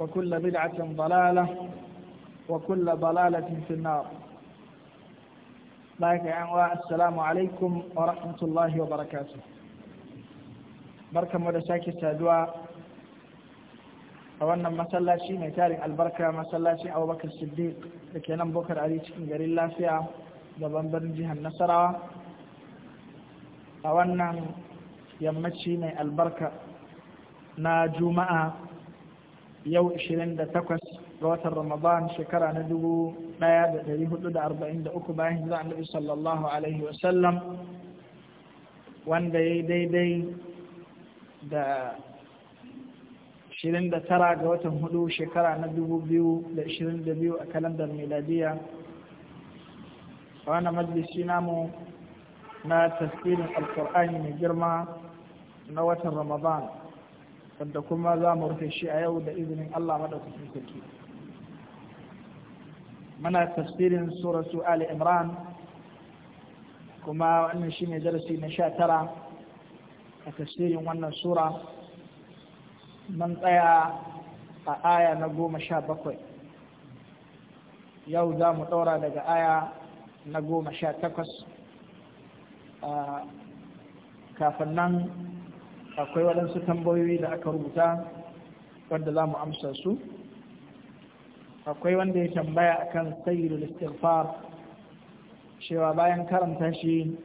وكل بدعة ضلالة وكل ضلالة في النار باك السلام عليكم ورحمة الله وبركاته بركة مدساكي سادوا أولا مسلاشي ميتاري البركة مسلاشي أو بكر الصديق لكي بكر علي تكن قري الله فيها دبن برنجها النصرة أولا يمشي من البركة na juma'a yau 28 ga watan Ramadan shekara na 1443 bayan hijira Annabi sallallahu alaihi wasallam wanda ya daidai da 29 ga watan hudu shekara na 2022 a kalandar miladiya a wani majalisi namu na tasirin alkur'ani mai girma na watan Ramadan Wanda kuma za mu rufe shi a yau da izinin Allah madaukakin sarki muna tafsirin suratu Ali Imran kuma wannan shi shine darasi na sha tara a tafsirin wannan sura mun tsaya a aya na goma sha bakwai yau za mu ɗaura daga aya na goma sha takwas ah, kafin nan akwai waɗansu tambayoyi da aka rubuta wadda za mu amsa su akwai wanda ya tambaya akan sayyidu istighfar cewa bayan karanta shi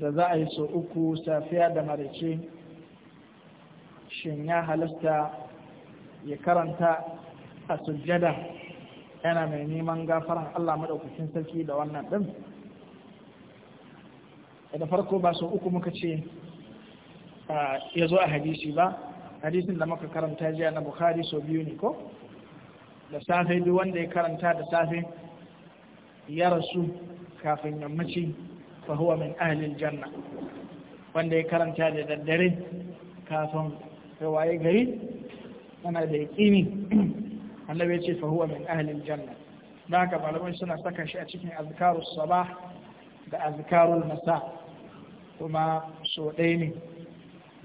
da za a yi sau uku safiya da marice shin ya halasta ya karanta a sujjada yana mai neman gafaran Allah maɗaukakin sarki da wannan ɗin da farko ba sau uku muka ce ya zo a hadisi ba hadisin da muka karanta jiya na bukhari sau biyu ne ko da safe duk wanda ya karanta da safe ya rasu kafin yammaci fa huwa min ahlil janna wanda ya karanta da daddare kafin waye gari ana da yaqini annabi ya ce fa huwa min ahlil janna da haka malamai suna saka shi a cikin azkarus sabah da azkarul masa kuma so ɗaya ne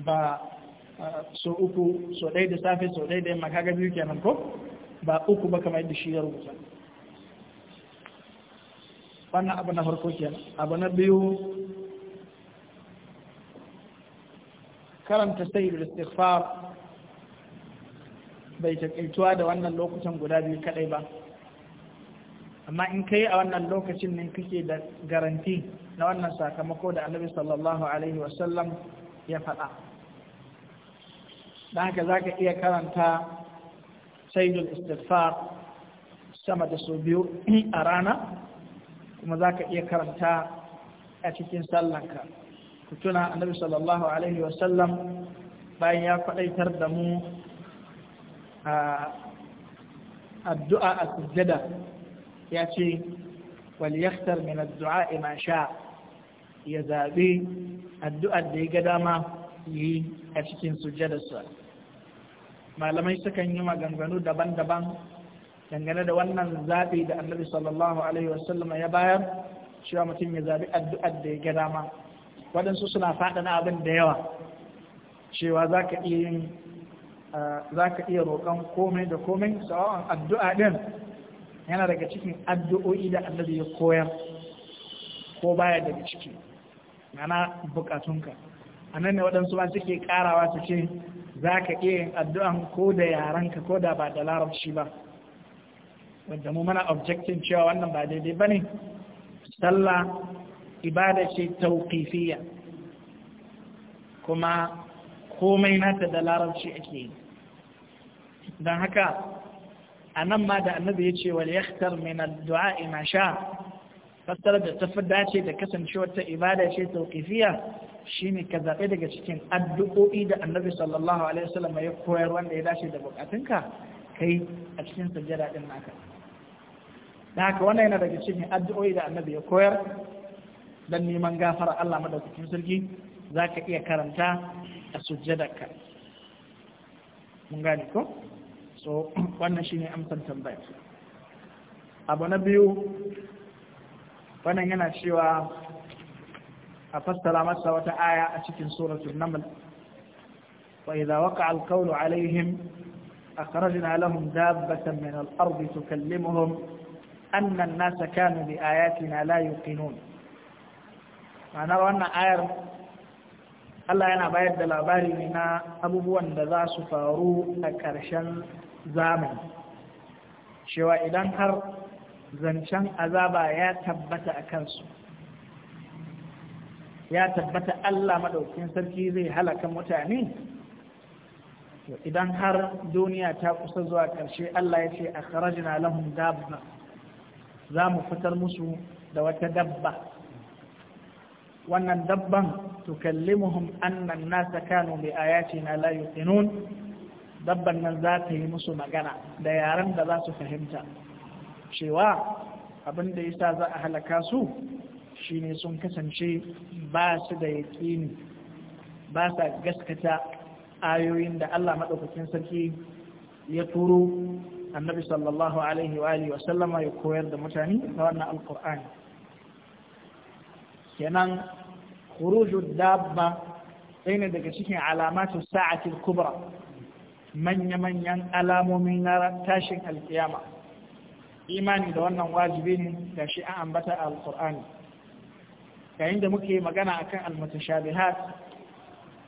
ba so uku so ɗaya da safe so ɗaya da yamma kaga biyu kenan ko ba uku ba kamar yadda shi ya rubuta wannan abu na farko kenan abu na biyu karanta da istighfar bai takaituwa da wannan lokutan guda biyu kadai ba amma in kai a wannan lokacin ne kake da garanti na wannan sakamako da annabi sallallahu alaihi wasallam ya faɗa don haka za ka iya karanta saidul istighfar sama da sau biyu a rana kuma za ka iya karanta a cikin sallanka ku tuna annabi sallallahu alaihi wasallam bayan ya faɗaitar da mu a addu'a a sujjada ya ce waliyaktar min addu'a ma sha ya zaɓi addu'ar da ya ga dama yi a cikin sujjadarsa malamai sukan yi maganganu daban-daban dangane da wannan zaɓi da annabi sallallahu alaihi wasallam ya bayar cewa mutum ya zaɓi addu'a da ya ga dama waɗansu suna faɗana abin da yawa cewa za ka iya yin za iya roƙon komai da komai sawa'an addu'a ɗin yana daga cikin addu'o'i da annabi ya koyar ko baya daga ciki mana bukatunka a nan ne waɗansu ba suke ƙarawa su ce za ka iya yin addu'an ko da yaranka ko da ba da larabci ba wanda mu mana objectin cewa wannan ba daidai ba ne sallah ibada ce tauƙifiyya kuma komai nata da larabci ake yi don haka a nan ma da annabi ya ce wal mai min du'a ina sha fassara da tafi dace da kasancewar ta ibada ce tauƙifiya? ne ka zaɓe daga cikin addu'o'i da annabi sallallahu alaihi wasallam ya koyar wanda ya dace da bukatunka kai a cikin sajjada din naka da haka wannan yana daga cikin addu'o'i da annabi ya koyar don neman gafara Allah madaukakin sarki ka iya karanta a sujjadarka mun gane ko so wannan ne amsan tambaya abu na biyu wannan yana cewa a fassara masa wata aya a cikin suratul naml wa idza waqa'a al alaihim akhrajna lahum dabbatan min al-ardi tukallimuhum anna an-nasa kanu bi ayatina la yuqinun ma'anar wannan ayar Allah yana bayar da labari ne na abubuwan da za su faru a ƙarshen zamani cewa idan har zancen azaba ya tabbata a kansu ya tabbata Allah maɗaukin sarki zai halaka mutane idan har duniya ta kusa zuwa ƙarshe Allah ya ce a kharajina lahum dabba za mu fitar musu da wata dabba wannan dabban tukallimuhum annan nasa kanu bi na la yuqinun dabban nan za ta yi musu magana da yaren da za su fahimta cewa abin da yasa za a halaka su shine sun kasance ba su da yaƙini ba sa gaskata ayoyin da Allah maɗaukakin sarki ya turo annabi sallallahu alaihi wa alihi wasallama ya koyar da mutane na wannan alkur'ani kenan khurujud dabba ɗaya ne daga cikin alamatu sa'atil kubra manya-manyan alamomin na tashin alkiyama imani da wannan wajibi ne da shi an ambata alkur'ani yayin da muke magana akan al-mutashabihat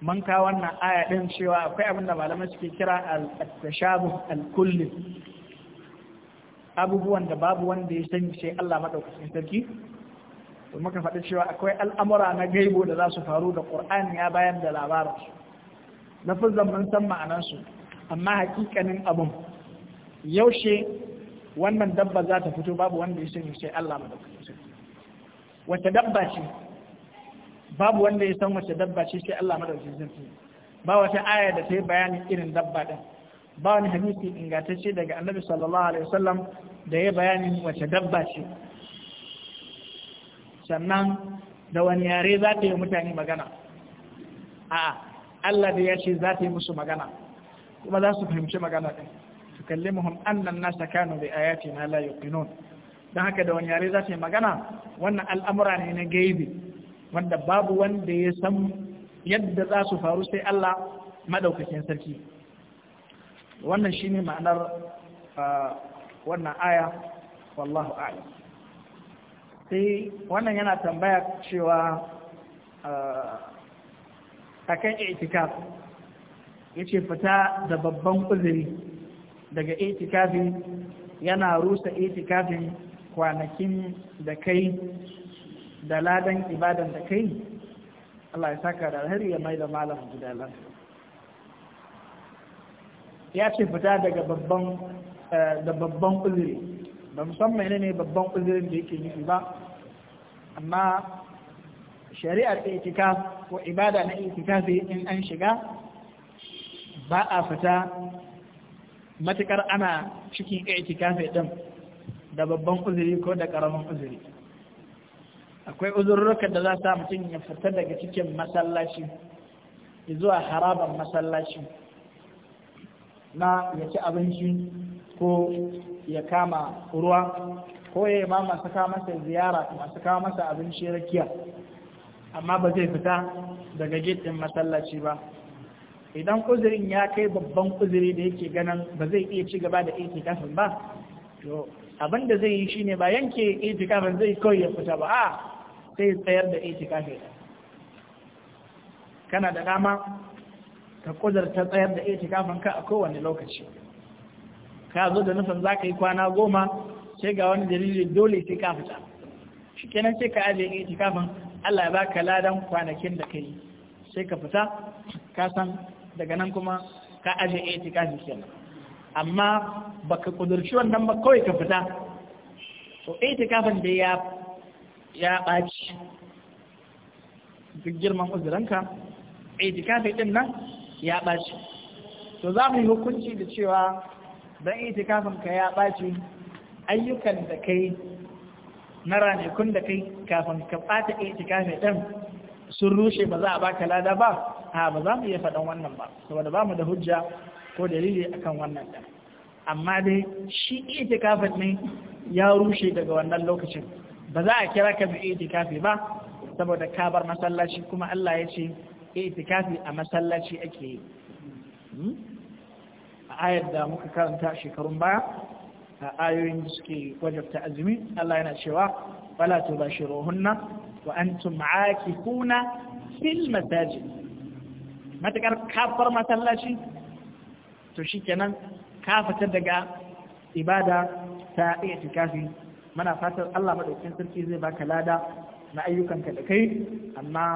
man ka wannan aya din cewa akwai abin da malamai suke kira al-tashabuh al-kulli abubuwan da babu wanda ya sani sai Allah madaukakin sarki to muka faɗi cewa akwai al'amura na gaibo da za su faru da Qur'ani ya bayar da labarin na fuzzan mun san ma'anar su amma hakikanin abun yaushe wannan dabba za ta fito babu wanda ya sani sai Allah madaukakin sarki wace dabba ce babu wanda ya san wace dabba ce sai Allah madaukakin sarki ba wata aya da ta yi bayanin irin dabba din ba wani hadisi ingantacce daga annabi sallallahu alaihi wasallam da ya bayanin wace dabba ce sannan da wani yare za ta yi mutane magana a Allah da ya ce za ta yi musu magana kuma za su fahimci magana din su kalli muhim annan nasa kanu da ayati na la yuqinun don haka da wanyare yare za ta yi magana wannan al'amura ne na gaibi wanda babu wanda ya san yadda za su faru sai Allah madaukakin sarki wannan shi ne ma'anar wannan aya wallahu a'lam sai wannan yana tambaya cewa akan itikaf yace fita da babban kuzuri daga itikafi yana rusa itikafin kwanakin da kai da ladan ibadan da kai Allah ya saka da alheri ya mai da malam gudanar ya ce fita daga babban eh, da babban uzuri ba musamman ne babban uzurin da yake nufi ba amma shari'ar itika ko ibada na sai in an shiga ba a fita matukar ana cikin sai din da babban uzuri ko da karamin uzuri akwai uzurruka da za sa mutum ya fita daga cikin masallaci zuwa haraban masallaci na ya ci abinci ko ya kama ruwa ko ya yi ma masu kawo masa ziyara masu kawo masa abinci rakiya amma ba zai fita daga gidin masallaci ba idan uzurin ya kai babban uzuri da yake ganin ba zai iya ci gaba da aiki kafin ba to abin da zai yi shi ne ba yanke itikafin zai kawai ya fita ba a sai tsayar da itikafin kana da dama ka ta tsayar da itikafin ka a kowane lokaci ka zo da nufin za ka yi kwana goma sai ga wani dalili dole sai ka fita shi kenan sai ka ajiye itikafin Allah ya baka ladan kwanakin da ka yi sai ka fita ka san daga nan kuma ka ajiye itikafi kenan amma baka kudurci wannan ba kawai ka fita so itikafin da ya ya ɓaci duk girman uzuranka kafin ɗin nan ya ɓaci to za mu yi hukunci da cewa don itikafin ka ya ɓaci ayyukan da kai na ranakun da kai kafin ka ɓata kafin ɗin sun rushe ba za a baka lada ba a ba za mu iya faɗan wannan ba saboda ba mu da hujja ko dalili akan wannan da amma dai shi itikafin ne ya rushe daga wannan lokacin ba za a kira ka ita itikafi ba saboda kabar masallaci kuma Allah ya ce itikafi a masallaci ake yi hmm? a ayar da muka karanta shekarun baya a ayoyin da suke wajabta azumi Allah yana cewa fala tubashiruhunna wa ma'aki aakifuna fil masajin matakar kafar masallaci to shi kenan ka fita daga ibada ta itikafi muna fatan Allah madaukakin sarki zai baka lada na ayyukanka da kai amma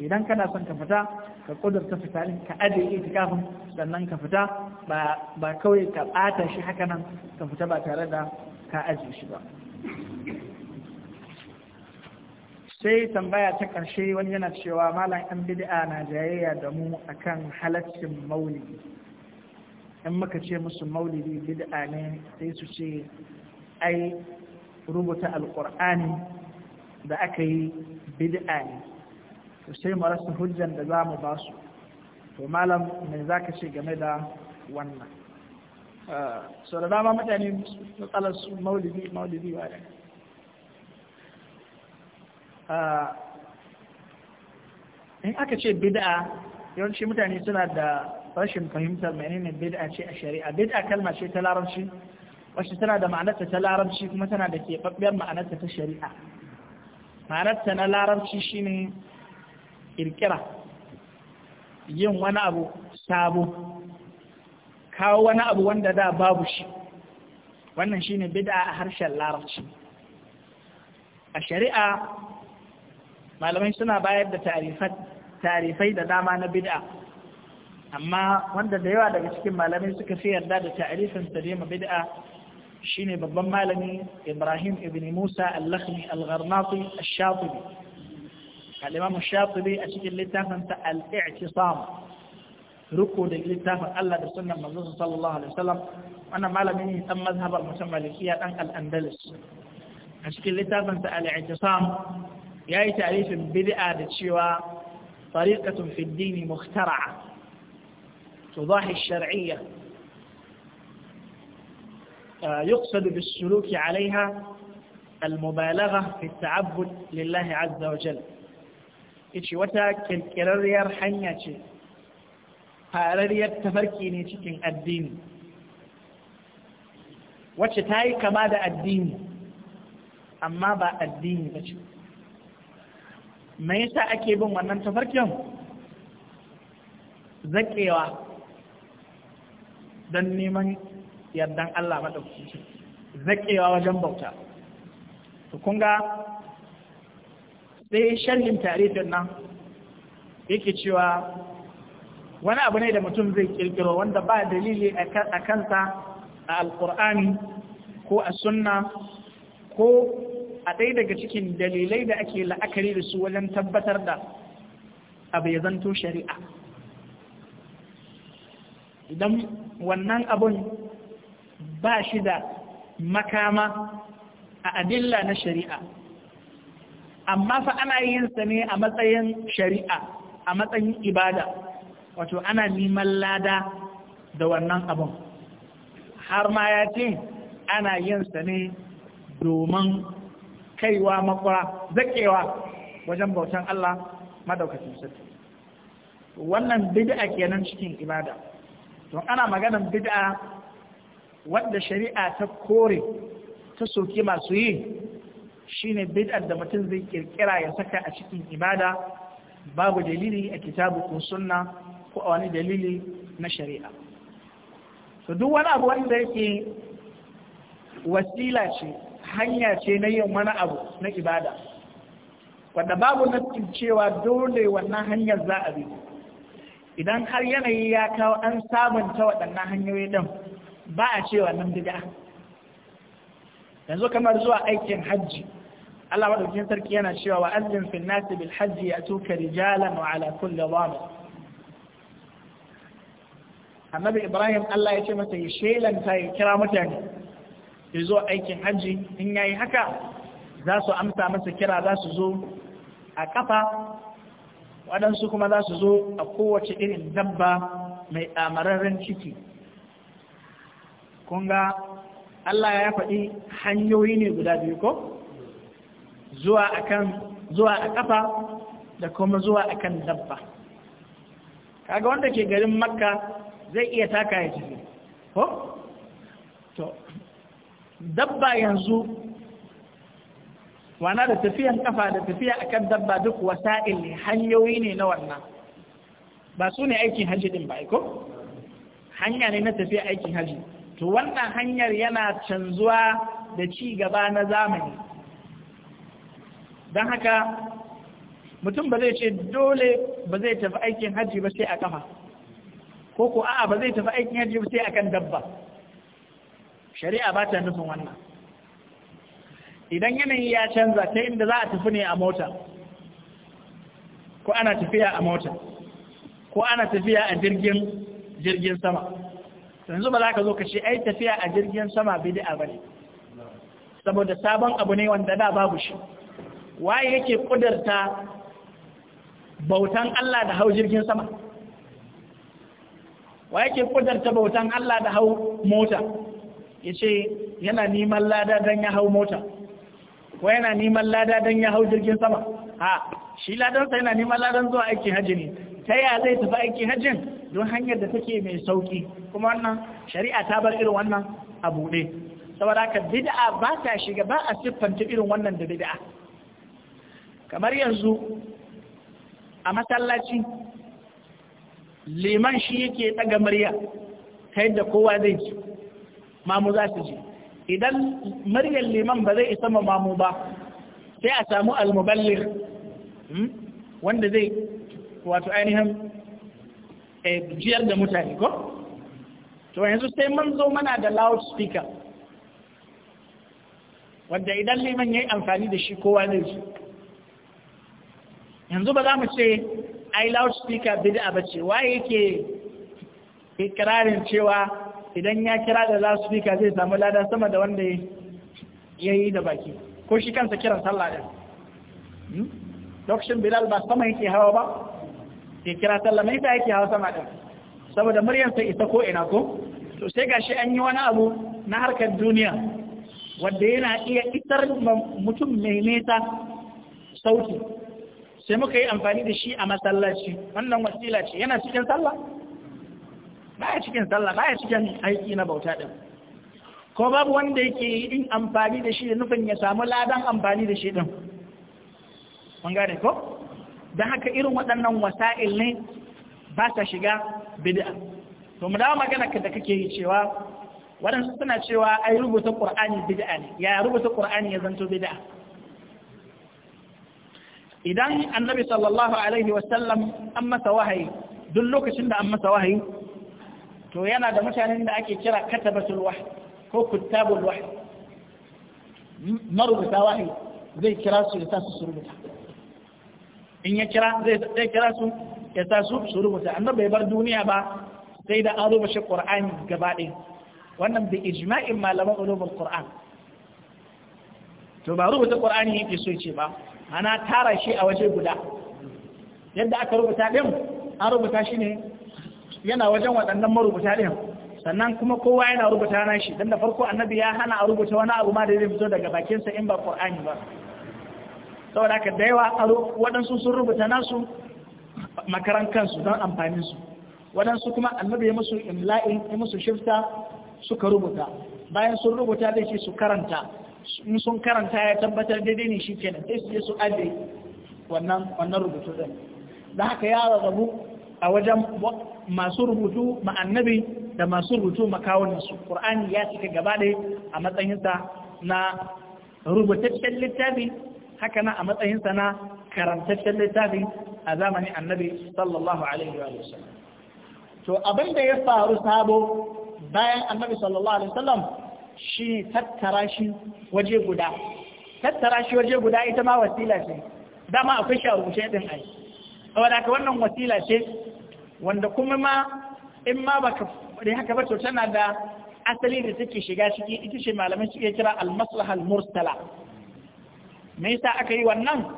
idan kana son ka fita ka kudurta fita din ka aje itikafin sannan ka fita ba ba kawai ka bata shi haka nan ka fita ba tare da ka aje shi ba sai tambaya ta ƙarshe wani yana cewa malam an bid'a na jayayya da mu akan halaccin maulidi in muka ce musu maulidi bid'a ne sai su ce ai rubuta alkur'ani da aka yi bid'a ne to sai mu rasa hujjan da za mu ba su to malam me za ka ce game da wannan eh, so da dama mutane matsalar su maulidi maulidi wa da eh, in aka ce bid'a yawanci mutane suna da rashin fahimtar menene bid'a ce a shari'a bid'a kalma ce ta larabci wacce tana da ma'anarta ta larabci kuma tana da keɓaɓɓiyar ma'anarta ta shari'a ma'anarta na larabci shine kirkira yin wani abu sabo kawo wani abu wanda da babu shi wannan shine bid'a a harshen larabci a shari'a malamai suna bayar da tarifai da dama na bid'a amma wanda da yawa daga cikin malamai suka fi yarda da ta'arifin tarima bid'a shine babban malami Ibrahim ibn Musa al-Lakhmi al-Gharnati al-Shatibi al-Imam al-Shatibi a cikin littafin ta al-I'tisam ruku da littafin Allah da sunnan manzo sallallahu alaihi wasallam wannan malami ne dan mazhabar mutum malikiya dan al-Andalus a cikin littafin ta al-I'tisam yayi ta'rifin bid'a da cewa tariqatun fi ad-din mukhtara'a تضاهي الشرعية آه، يقصد بالسلوك عليها المبالغة في التعبد لله عز وجل إيشي وتا كن كرريار حنياتي فأرريار تفركيني تكن الدين وچه تاي كما دا الدين أما با الدين بچه ما يسا أكيبون وانا انتفركيهم ذكي واحد don neman yardan Allah maɗaukaki zaƙewa wajen bauta to kun ga sai sharhin tarihin nan yake cewa wani abu ne da mutum zai ƙirƙiro wanda ba dalili a kansa a alkur'ani ko a sunna ko a ɗaya daga cikin dalilai da ake la'akari da su wajen tabbatar da abu ya zanto shari'a idan wannan abun ba shi da makama a adilla na shari'a amma fa ana yin sa ne a matsayin shari'a a matsayin ibada wato ana neman lada da wannan abun har ma ya ce ana yin sa ne domin kaiwa makwara zakewa wajen bautan Allah madaukakin sarki wannan bid'a kenan cikin ibada to ana maganan bid'a wanda shari'a ta kore ta soke masu yi shine bid'ar da mutum zai kirkira ya saka a cikin ibada babu dalili a kitabu ko sunna ko wani dalili na shari'a to duk wani abu wanda yake wasila ce hanya ce na yin wani abu na ibada wanda babu naskin cewa dole wannan hanyar za a bi idan har yanayi ya kawo an sabunta waɗannan hanyoyi ɗin ba a ce wannan bid'a yanzu kamar zuwa aikin hajji Allah madaukakin sarki yana cewa wa azzin fil nasi bil hajji tuka rijalan wa ala kulli dhamir Annabi Ibrahim Allah ya ce masa ya shelanta ya kira mutane ya zo aikin hajji in yayi haka za su amsa masa kira za su zo a kafa waɗansu kuma za su zo a kowace irin dabba mai ɗamararren ciki kunga Allah ya faɗi hanyoyi ne guda biyu ko zuwa a ƙafa da kuma zuwa a kan dabba kaga wanda ke garin makka zai iya taka ya ciki ko to dabba yanzu wana da tafiyan kafa da tafiya akan dabba duk wasa'il ne hanyoyi ne na wannan ba su ne aikin hajji din ba ko hanya ne na tafiya aikin hajji to wannan hanyar yana canzuwa da ci gaba na zamani don haka mutum ba zai ce dole ba zai tafi aikin hajji ba sai a kafa ko ko a'a ba zai tafi aikin hajji ba sai akan dabba shari'a ba ta nufin wannan idan yanayi ya canza ta inda za a tafi ne a mota ko ana tafiya a mota ko ana tafiya a jirgin jirgin sama yanzu ba za ka zo ka ce ai tafiya a jirgin sama bid'a bane saboda sabon abu ne wanda da babu shi waye yake kudarta bautan Allah da hau jirgin sama wa yake kudarta bautan Allah da hau mota yace yana neman lada dan ya hau mota ko yana neman lada don ya hau jirgin sama ha shi ladansa yana neman ladan zuwa aikin hajji ne ta yaya zai tafi aikin hajjin don hanyar da take mai sauki kuma wannan shari'a ta bar irin wannan a buɗe saboda haka bid'a ba ta shiga ba a siffanta irin wannan da bid'a kamar yanzu a masallaci liman shi yake tsaga murya ta yadda kowa zai ji mamu za su ji idan muryar liman ba zai isa mamu ba sai a samu almuballir hmm, wanda zai wato ainihin eh, jiyar da mutane ko? to yanzu sai mun zo mana da loudspeaker wanda idan liman ya yi amfani da shi kowa ne su yanzu ba za mu ce ai loudspeaker bid'a a ce waye ke ikirarin cewa idan ya kira da za su fika zai samu lada sama da wanda ya yi da baki ko shi kansa kiran sallah ɗin hmm? lokacin bilal ba sama yake hawa ba ya kira sallah mai ta yake hawa sama ɗin saboda muryarsa isa ko ina ko to sai gashi an yi wani abu na harkar duniya wanda yana iya isar mutum mai nesa sauti sai muka yi amfani da shi a masallaci wannan wasila ce yana cikin sallah baya cikin sallah baya cikin aiki na bauta din ko babu wanda yake yin amfani da shi nufin ya samu ladan amfani da shi din mun gane ko dan haka irin waɗannan wasa'il ne ba ta shiga bid'a to mu dawo magana da kake yi cewa waɗansu suna cewa ai rubuta qur'ani bid'a ne ya rubuta qur'ani ya zanto bid'a idan annabi sallallahu alaihi wasallam an masa wahayi duk lokacin da an masa wahayi to yana da mutanen da ake kira katabatul wahyi ko kuttabul wahyi marubuta wahyi zai kira su ya sa su rubuta in ya kira zai kira su ya sa su su rubuta annabi bai bar duniya ba sai da an rubuta qur'ani gaba ɗaya wannan bi ijma'in malaman ulumul qur'an to ba rubuta qur'ani yake so ce ba ana tara shi a waje guda yadda aka rubuta din an rubuta shi ne yana wajen waɗannan marubuta ɗin sannan kuma kowa yana rubuta na shi don da farko annabi ya hana a rubuta wani abu ma da zai fito daga bakinsa in ba ƙur'ani ba saboda haka da yawa waɗansu sun rubuta nasu makaran kansu don amfaninsu waɗansu kuma annabi ya musu imla'in ya musu shifta suka rubuta bayan sun rubuta zai ce su karanta in sun karanta ya tabbatar daidai ne shi kenan sai su je su ajiye wannan rubutu ɗin da haka ya rarrabu a wajen masu rubutu ma annabi da masu rubutu makawunansu ƙur'ani ya cika gaba ɗaya a matsayinsa na rubutaccen littafi haka na a matsayinsa na karantaccen littafi a zamanin annabi sallallahu alaihi wa sallam to abin da ya faru sabo bayan annabi sallallahu alaihi wa sallam shi tattara shi waje guda tattara shi waje guda ita ma wasila ce dama akwai shi a rubuce din ai saboda wannan wasila ce wanda kuma ma in ma baka da haka ba to tana da asali da take shiga ciki ita ce malamai suke kira al-maslaha al-mursala me yasa aka yi wannan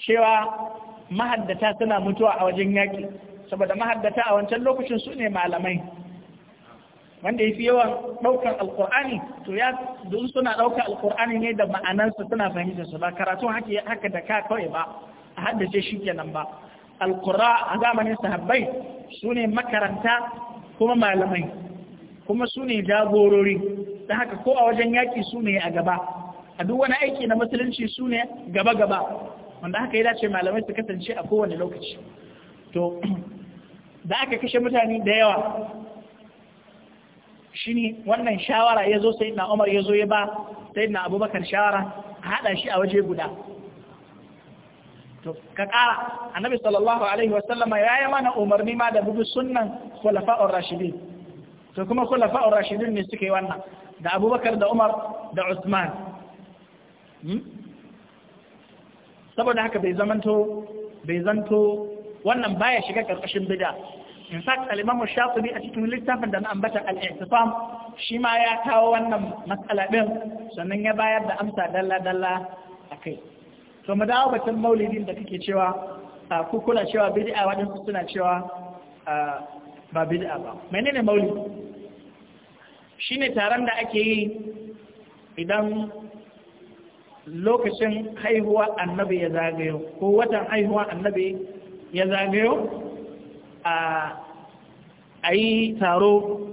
cewa mahaddata suna mutuwa a wajen yaki saboda mahaddata a wancan lokacin su ne malamai wanda ya fi yawan ɗaukar alkur'ani to ya don suna ɗaukar alkur'ani ne da ma'anansa suna fahimtar su ba karatun haka da ka kawai ba a haddace shi kenan ba alƙura a zamanin sahabbai su ne makaranta kuma malamai kuma su ne jagorori ta haka ko a wajen yaƙi su ne a gaba a duk wani aiki na musulunci su ne gaba-gaba wanda haka ya dace malamai su kasance a kowane lokaci to da aka kashe mutane da yawa shi ne wannan shawara ya zo sai na umar ya zo ya ba sai na abubakar shawara a haɗa shi a waje guda ka ƙara annabi sallallahu alaihi wasallama ya yi mana umarni ma da bugu sunnan kulafa'ur rashidin to kuma kulafa'ur rashidin ne suke wannan da abubakar da umar da usman hmm? saboda haka bai zamanto bai zanto wannan baya shiga ƙarƙashin bida in fact al-imam shafi'i a cikin littafin da na ambata al-i'tisam shi ma ya kawo wannan matsala din sannan ya bayar da amsa dalla dalla akai to mu dawo batun maulidin da kake cewa ku kula cewa bid'a waɗansu suna cewa ba bid'a ba menene maulidi shine taron da ake yi idan lokacin haihuwa annabi ya zagayo ko watan haihuwa annabi ya zagayo a yi taro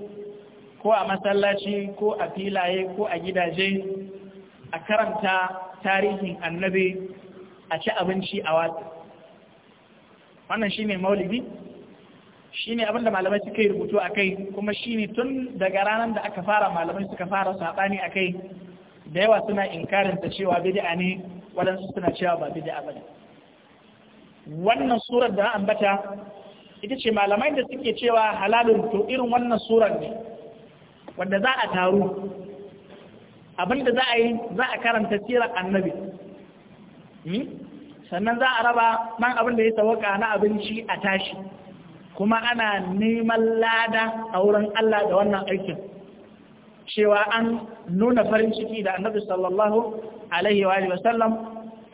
ko a masallaci ko a filaye ko a gidaje a karanta tarihin annabi a ci abinci a watsi wannan shi ne maulidi shi ne abinda malamai suka yi rubutu a kai kuma shi ne tun daga ranar da aka fara malamai suka fara saɓani a kai da yawa suna inkarinta cewa bidi'a ne waɗansu suna cewa ba bidi'a ba ne wannan surar da na ambata ita ce malamai da suke cewa halalun to irin wannan surar ne wanda za a taru abinda za a yi za a karanta sirar annabi hmm? sannan za a raba man abin da ya tawaka na abinci a tashi kuma ana neman lada a wurin Allah da wannan aikin cewa an nuna farin ciki da annabi sallallahu alaihi wa sallam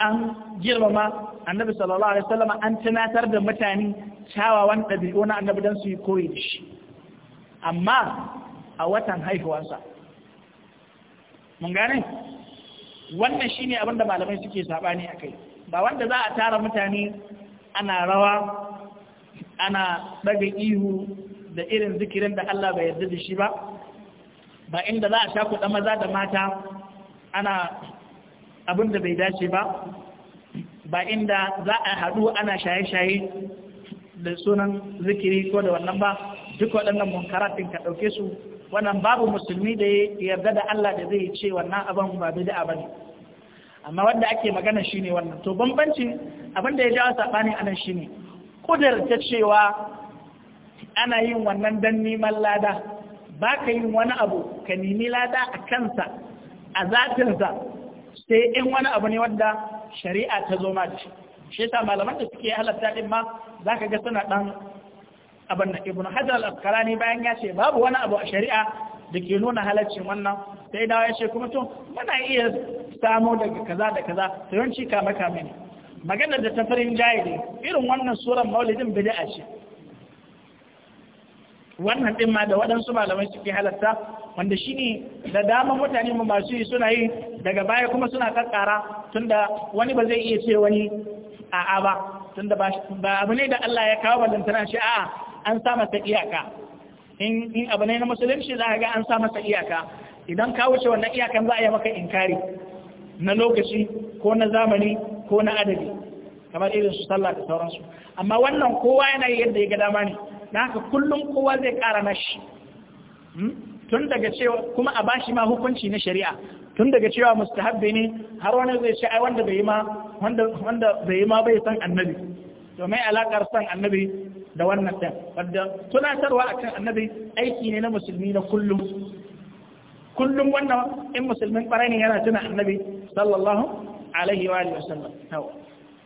an girmama annabi sallallahu alaihi wa sallam an tunatar da mutane kyawawan ɗabi'u na annabi don su yi koyi da shi amma a watan haihuwarsa mun gane wannan shine abin da malamai suke sabani kai. ba wanda za a tara mutane ana rawa ana daga ihu da irin zikirin da Allah bai yarda da shi ba ba inda za a sha kuɗa maza da mata ana abin da bai dace ba ba inda za a haɗu ana shaye-shaye da sunan zikiri ko da wannan ba duk waɗannan munkaratin ka ɗauke su wannan babu musulmi da ya yarda da Allah da zai ce wannan abin ba bid'a abin amma wanda ake magana shine wannan to bambancin abin da ya jawo sabani anan shine ta cewa ana yin wannan dan neman lada ba ka yin wani abu ka nemi lada a kansa a zatinsa sai in wani abu ne wanda shari'a ta zo ma da shi shi yasa malaman da suke halatta din ma zaka ga suna dan abin da ibnu hajar al-asqalani bayan ya ce babu wani abu a shari'a da ke nuna halaccin wannan sai dawa ya ce kuma to muna iya samu daga kaza da kaza to yawanci kama kame ne magana da ta farin jaye ne irin wannan suran maulidin bid'a ce wannan din ma da waɗansu malamai suke halatta wanda shi ne da dama mutane mu masu yi suna yi daga baya kuma suna kakkara tunda wani ba zai iya ce wani a'a ba tunda ba abu ne da Allah ya kawo balantana shi a'a an sa masa iyaka in abu ne na musulunci za a ga an sa masa iyaka idan ka wuce wannan iyakan za a yi maka inkari na lokaci ko na zamani ko na adadi kamar irin su sallah da sauransu amma wannan kowa yana yadda ya ga dama ne na haka kullum kowa zai kara nashi hmm? tun daga cewa kuma a bashi ma hukunci na shari'a tun daga cewa mustahabbi ne har wani zai ce ai wanda bai yi ma wanda bai san annabi to mai alakar san annabi da wannan ɗin wadda tunatarwa a kan annabi aiki ne na musulmi na kullum kullum wannan in musulmin ƙwarai ne yana tuna annabi sallallahu alaihi wa alihi wasallam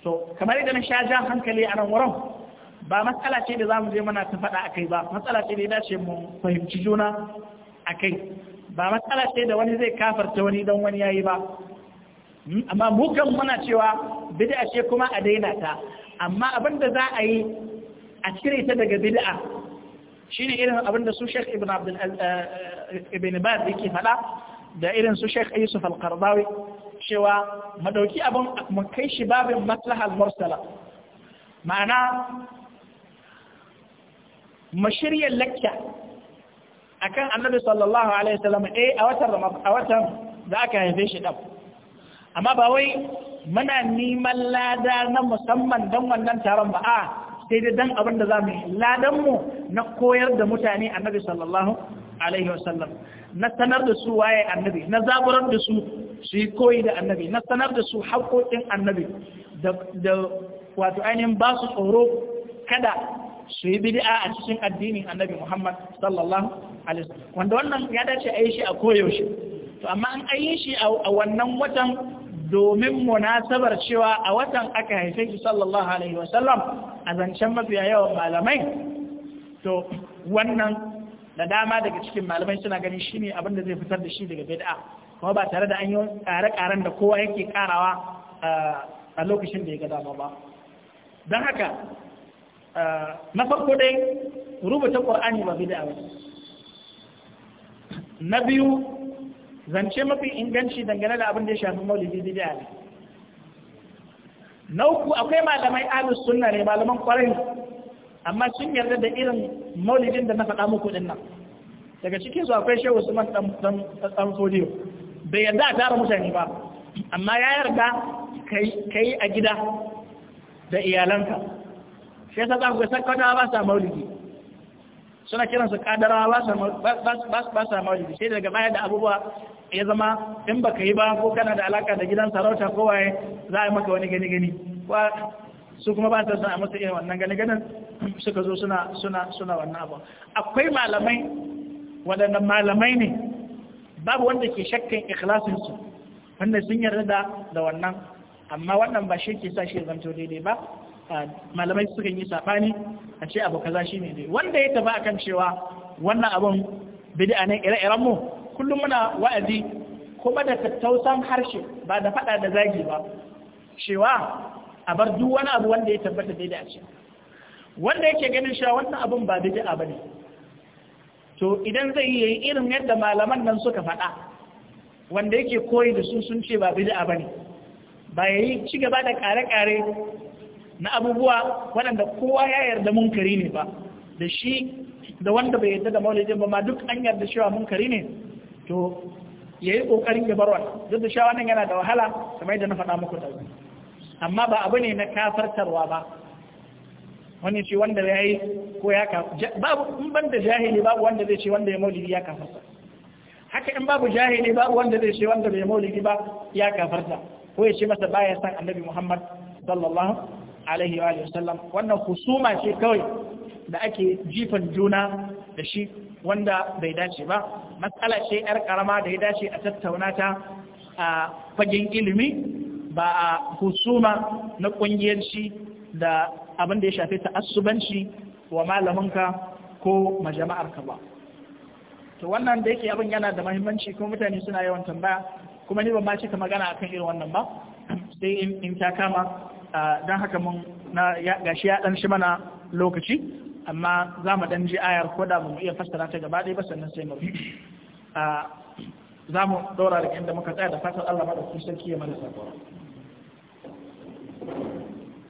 to kamar idan sha jan hankali a nan wurin ba matsala ce da zamu je muna ta faɗa akai ba matsala ce da ya dace mu fahimci juna akai ba matsala ce da wani zai kafarta wani don wani yayi ba hmm? amma mu kan muna cewa bid'a ce kuma a daina ta amma abin da za a yi a cire ta daga bid'a shine irin abin da su Sheikh Ibn Abdul Ibn Baz yake faɗa da irin su Sheikh Yusuf Al-Qardawi cewa madauki abin mu kai shi babin maslahal mursala ma'ana mashiryar lakka akan annabi sallallahu alaihi wasallam eh a watan a watan da aka haife shi dan amma ba wai muna neman lada na musamman don wannan taron ba a sai dai dan abin da zamu ladan mu na koyar da mutane annabi sallallahu alaihi wasallam na sanar da su waye annabi na zaburar da su su koyi da annabi na sanar da su haƙoƙin annabi da wato ainihin ba su tsoro kada su yi bid'a a cikin addinin annabi Muhammad sallallahu alaihi wasallam wanda wannan ya dace a yi shi a koyaushe to amma an yi shi a wannan watan domin munasabar cewa a watan aka haife shi sallallahu alaihi wasallam a zancen mafiya yawan malamai to wannan da dama daga cikin malamai suna ganin shi ne abinda zai fitar da shi daga bid'a kuma ba tare da an yi ƙare-ƙaren da kowa yake ƙarawa eh, a lokacin da ya ga dama ba don haka eh, na farko dai rubuta ƙwar'ani ba bid'a ba na biyu zance mafi inganci dangane da abin da ya shafi maulidi bid'a ne na uku akwai malamai alus sunna ne malaman kwarai amma sun yarda da irin maulidin da na faɗa muku din nan daga cikin su akwai shehu usman dan dan sodiyo bai yarda a tara mutane ba amma ya yarda kai yi a gida da iyalanka sai sa za ku ga ba sa maulidi suna kiransu kadara ba sa wajibi sai daga baya da abubuwa ya zama in baka yi ba ko kana da alaka da gidan sarauta ko waye za a yi maka wani gani gani wa su kuma ba sa a masu irin wannan gani ganin suka zo suna suna wannan abu akwai malamai waɗanda malamai ne babu wanda ke shakkan ikilasinsu wanda sun yarda da wannan amma wannan ba shi ke sa shi zanto daidai ba malamai suka yi sabani a ce abu kaza shine dai wanda ya tafi akan cewa wannan abun bid'a ne ire-iren mu kullum muna wa'azi kuma da tattausan harshe ba da fada da zagi ba cewa a bar duk wani abu wanda ya tabbata daidai a ce wanda yake ganin cewa wannan abun ba bid'a bane to idan zai yi irin yadda malaman nan suka faɗa wanda yake koyi da su sun ce ba bid'a bane ba yayi ci gaba da kare-kare na abubuwa waɗanda kowa ya yarda munkari ne ba da shi da wanda bai yarda da maulidin ba ma duk an yarda cewa munkari ne to ya yi ƙoƙarin ya bar duk da cewa wannan yana da wahala kamar yadda na faɗa muku da amma ba abu ne na kafartarwa ba wani ce wanda ya yi ko ya ka babu in ban da jahili babu wanda zai ce wanda ya maulidi ya kafarta haka in babu jahili babu wanda zai ce wanda bai maulidi ba ya kafarta ko ya ce masa baya san annabi muhammad sallallahu alaihi wa sallam wannan husuma ce kawai da ake jifan juna da shi wanda bai dace ba matsala ce yar karama da ya dace a tattauna ta a fagen ilimi ba a husuma na kungiyarci da abin da ya shafi ta'assubanci wa malaminka ko majama'arka ba to wannan da yake abin yana da mahimmanci kuma mutane suna yawan tambaya kuma ni ban ma cika magana akan irin wannan ba sai in ta kama don haka mun na gashi ya ɗanshi shi mana lokaci amma za mu dan ji ayar ko da mu iya fassara ta gaba ɗaya ba sannan sai mu za mu ɗora da inda muka tsaya da fatan Allah da su sarki ya mana sabuwa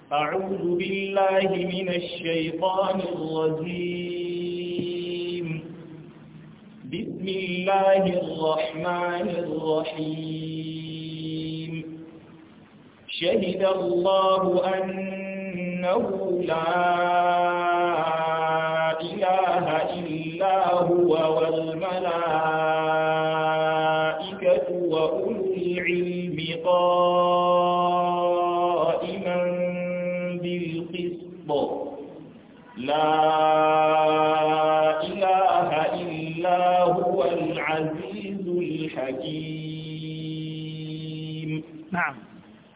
أعوذ بالله من الشيطان الرجيم بسم الله الرحمن الرحيم شهد الله أنه لا إله إلا هو والملائكة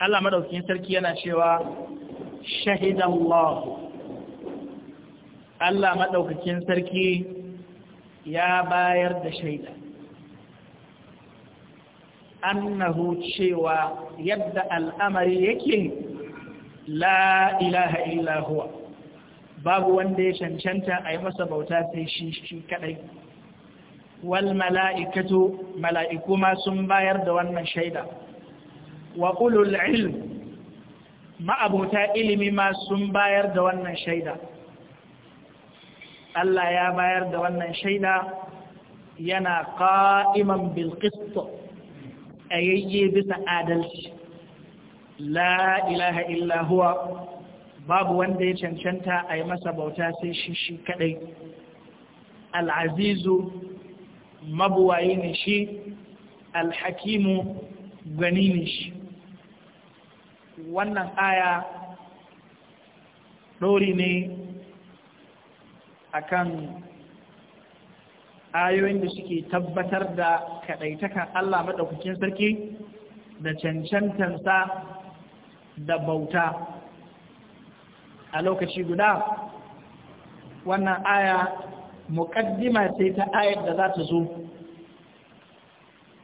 Allah madaukakin sarki yana cewa shahidallahu Allah madaukakin sarki ya bayar da shaida annahu cewa yadda al'amari yake la ilaha illa huwa babu wanda ya cancanta a yi masa bauta sai shi shi kadai wal mala'ikatu mala'iku ma sun bayar da wannan shaida wa ulul ilm ma'abuta ilimi ma sun bayar da wannan shaida Allah ya bayar da wannan shaida yana ka'iman bilkisto a ayyaye bisa adalci la ilaha illa huwa babu wanda ya cancanta a yi masa bauta sai shi shi kadai al'azizu mabuwaye ne shi alhakimu gani ne shi wannan aya ɗori ne akan ayoyin da suke tabbatar da kaɗaitakan Allah maɗaukacin sarki da cancantansa da bauta a lokaci guda wannan aya muƙaddima sai ta ayar da za ta zo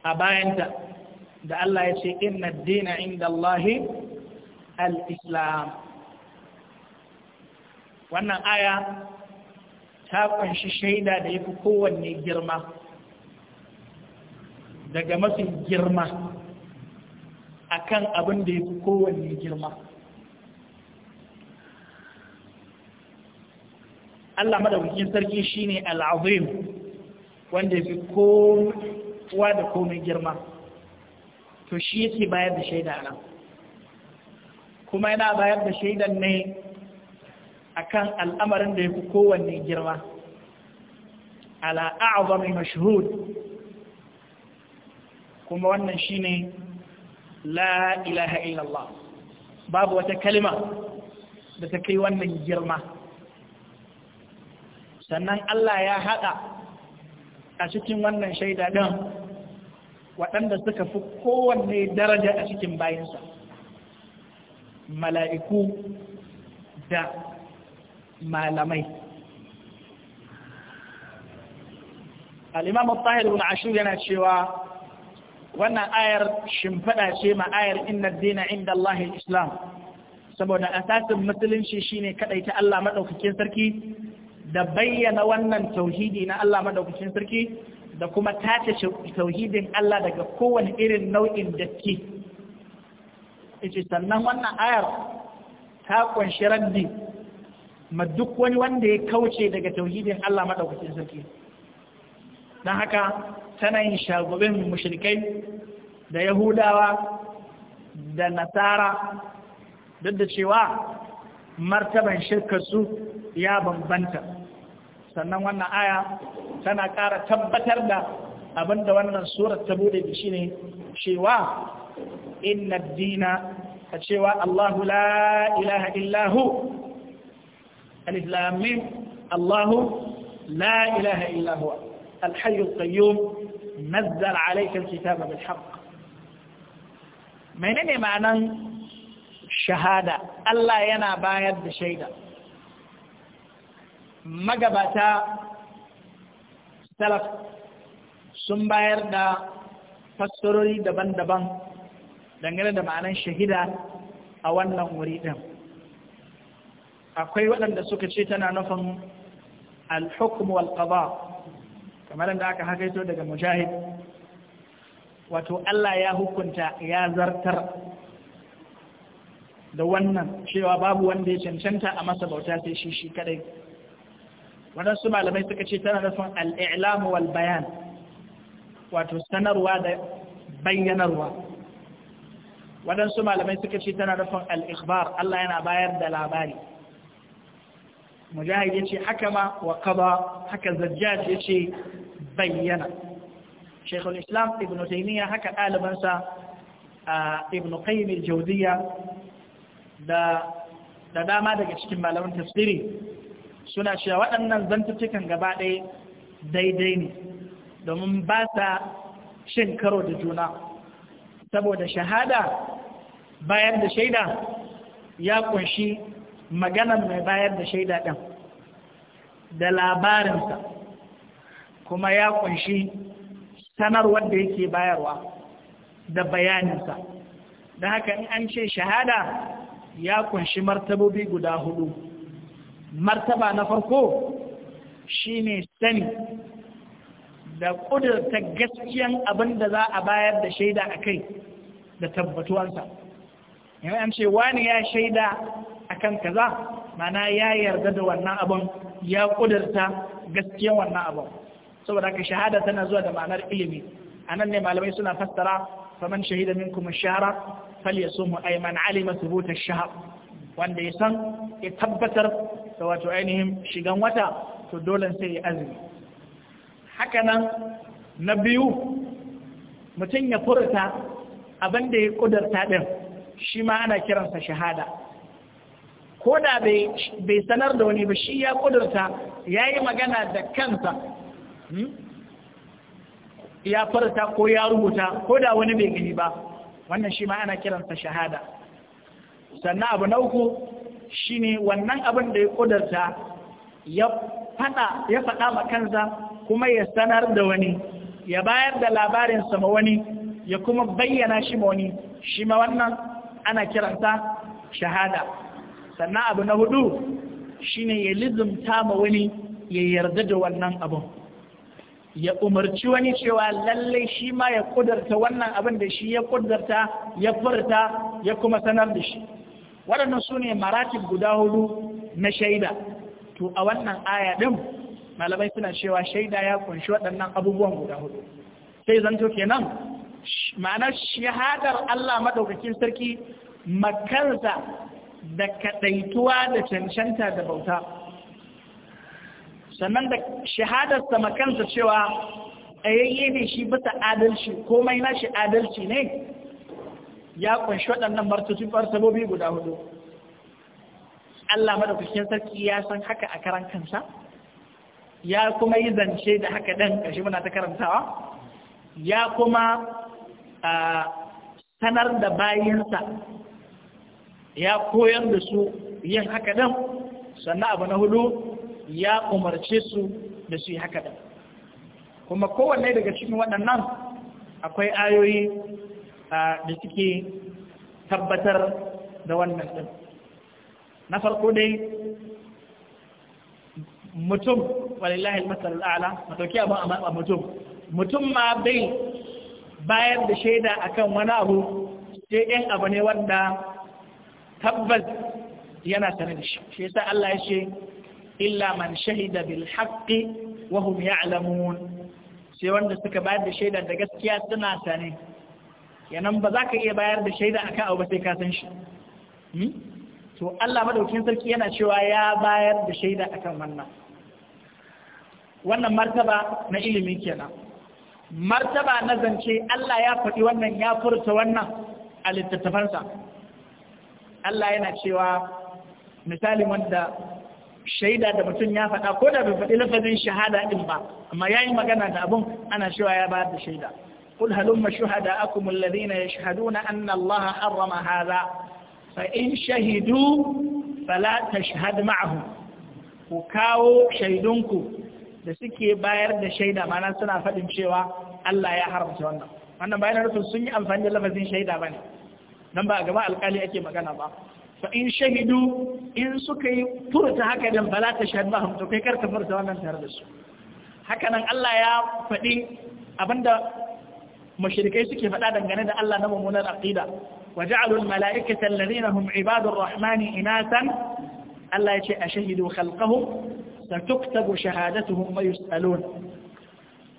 a bayanta da Allah ya ce inna dina inda Allahi al-islam wannan aya ta kunshi shaida da ya fi kowanne girma daga mafi girma a kan abin da ya fi kowanne girma Allah madaukakin sarki shine ne azim wanda fi kowa da komai girma to shi yake bayar da shaida nan kuma yana bayar da shaidan ne akan al'amarin da ya fi kowanne girma ala a'zami mashhud kuma wannan shine la ilaha illallah babu wata kalma da ta kai wannan girma sannan Allah ya haɗa a cikin wannan shaida ɗin waɗanda suka fi kowanne daraja a cikin bayansa mala'iku da malamai al'imam tahir bin ashir yana cewa wannan ayar shimfiɗa ce ma ayar inna dina inda Allah islam saboda asasin musulunci shine kaɗai ta Allah maɗaukakin sarki da bayyana wannan tauhidi na Allah maɗaukakin sarki da kuma tace tauhidin Allah daga kowane irin nau'in datti ce sannan wannan ayar ta kunshi raddi ma duk wani wanda ya kauce daga tauhidin Allah madaukakin sarki dan haka tana yin shagubin mushrikai da yahudawa da nasara duk da cewa martaban su ya bambanta sannan wannan aya tana ƙara tabbatar da abinda wannan surar ta bude da shi ne cewa inna dina da cewa Allahu la ilaha illahu alif lam mim Allahu la ilaha illahu الحي القيوم نزل عليك الكتاب بالحق menene ma'anan shahada Allah yana bayar da shaida magabata salaf sun bayar da fassarori daban-daban dangane da ma'anan shahida a wannan wuri ɗin akwai waɗanda suka ce tana nufin al-hukm wal kamar da aka hakaito daga mujahid wato Allah ya hukunta ya zartar da wannan cewa babu wanda ya cancanta a masa bauta sai shi shi kadai waɗansu malamai suka ce tana nufin al'ilamu wal bayan wato sanarwa da bayyanarwa waɗansu malamai suka ce tana nufin al'ikbar Allah yana bayar da labari mujahid ya ce haka ma wa kaba haka zajjaj ya ce bayyana shekul islam ibn taimiyya haka ɗalibansa ibn qayyim al da dama daga cikin malaman tafsiri suna cewa waɗannan zantuttukan gaba ɗaya daidai ne domin ba sa shin karo da juna saboda shahada bayar da shaida ya kunshi maganar mai bayar da shaida ɗin da labarinsa kuma ya kunshi sanarwar da yake bayarwa da bayaninsa da haka in an ce shahada ya kunshi martabobi guda hudu martaba na farko shine sani da ƙudurta gaskiyan abin da za a bayar da shaida a kai da tabbatuwansa yana an wani ya shaida a kan kaza mana ya yarda da wannan abin ya ƙudurta gaskiyan wannan abin saboda ka shahada tana zuwa da ma'anar ilimi a nan ne malamai suna fassara faman shahida min kuma shahara fal ya sumu ai alima thubuta shahar wanda ya san ya tabbatar da wato ainihin shigan wata to dole sai ya azumi Haka nan, na biyu mutum ya furta abin da ya kudurta ɗin shi ma ana kiransa shahada ko da bai sanar da wani ba shi ya kudurta ya yi magana da kansa hmm? ya furta ko ya rubuta ko da wani bai gani ba wannan shi ma ana kiransa shahada sannan abu na uku shi ne wannan abin da ya kudurta ya faɗa ma kansa kuma ya sanar da wani ya bayar da labarinsa ma wani ya kuma bayyana shi ma wani shi ma wannan ana kiransa shahada sannan abu na hudu shine ya lizumta ma wani ya yarda da wannan abun ya umarci wani cewa lallai shi ma ya kudarta wannan abin da shi ya kudarta ya furta ya kuma sanar da shi waɗannan su ne maratib guda hudu na shaida to a wannan aya ɗin malamai suna cewa shaida ya kunshi waɗannan abubuwan guda hudu sai zanto kenan ma'anar shahadar Allah madaukakin sarki makansa da kadaituwa da cancanta da bauta sannan da shahadarsa makansa cewa ayayye ne shi bisa adalci komai na shi adalci ne ya kunshi waɗannan sabobi guda hudu Allah madaukakin sarki ya san haka a karan kansa ya kuma yi zance da haka ɗan ƙarshe muna ta karantawa ya kuma sanar da bayansa ya koyar da su yin haka ɗan sannan abu na hudu ya umarce su da su yi haka ɗan kuma kowanne daga cikin waɗannan akwai ayoyi da suke tabbatar da wannan ɗin na farko dai mutum walillahi al-masal ala matauki abu a mutum mutum ma bai bayar da shaida akan wani abu sai ɗan abu ne wanda tabbas yana tare da shi shi Allah ya ce illa man shahida bil haqqi wa hum ya'lamun sai wanda suka bayar da shaida da gaskiya suna sane yanan ba za ka iya bayar da shaida akan abu ba sai ka san shi hmm? to Allah madaukin sarki yana cewa ya bayar da shaida akan wannan wannan martaba na ilimi kenan martaba na zance Allah ya faɗi wannan ya furta wannan a littattafansa Allah yana cewa misalin wanda shaida da mutum ya faɗa ko da bai faɗi lafazin shahada ɗin ba amma ya yi magana da abun ana cewa ya bayar da shaida قل هلم شهداءكم الذين يشهدون أن الله حرم هذا فإن شهدوا فلا تشهد معهم ku kawo ku. da suke bayar da shaida mana suna faɗin cewa Allah ya haramta wannan wannan bayan rufin sun yi amfani da lafazin shaida ba ne nan ba a gaba alkali ake magana ba fa in shahidu in suka yi furta haka dan ba za ta shahid ba to kai karka furta wannan tare da su haka nan Allah ya faɗi abinda mashirikai suke faɗa dangane da Allah na mummunar aqida wa ja'alul mala'ikata alladhina hum ibadur rahmani inatan Allah ya ce a shahidu khalqahum satuktabu shahadatuhum wa yus'alun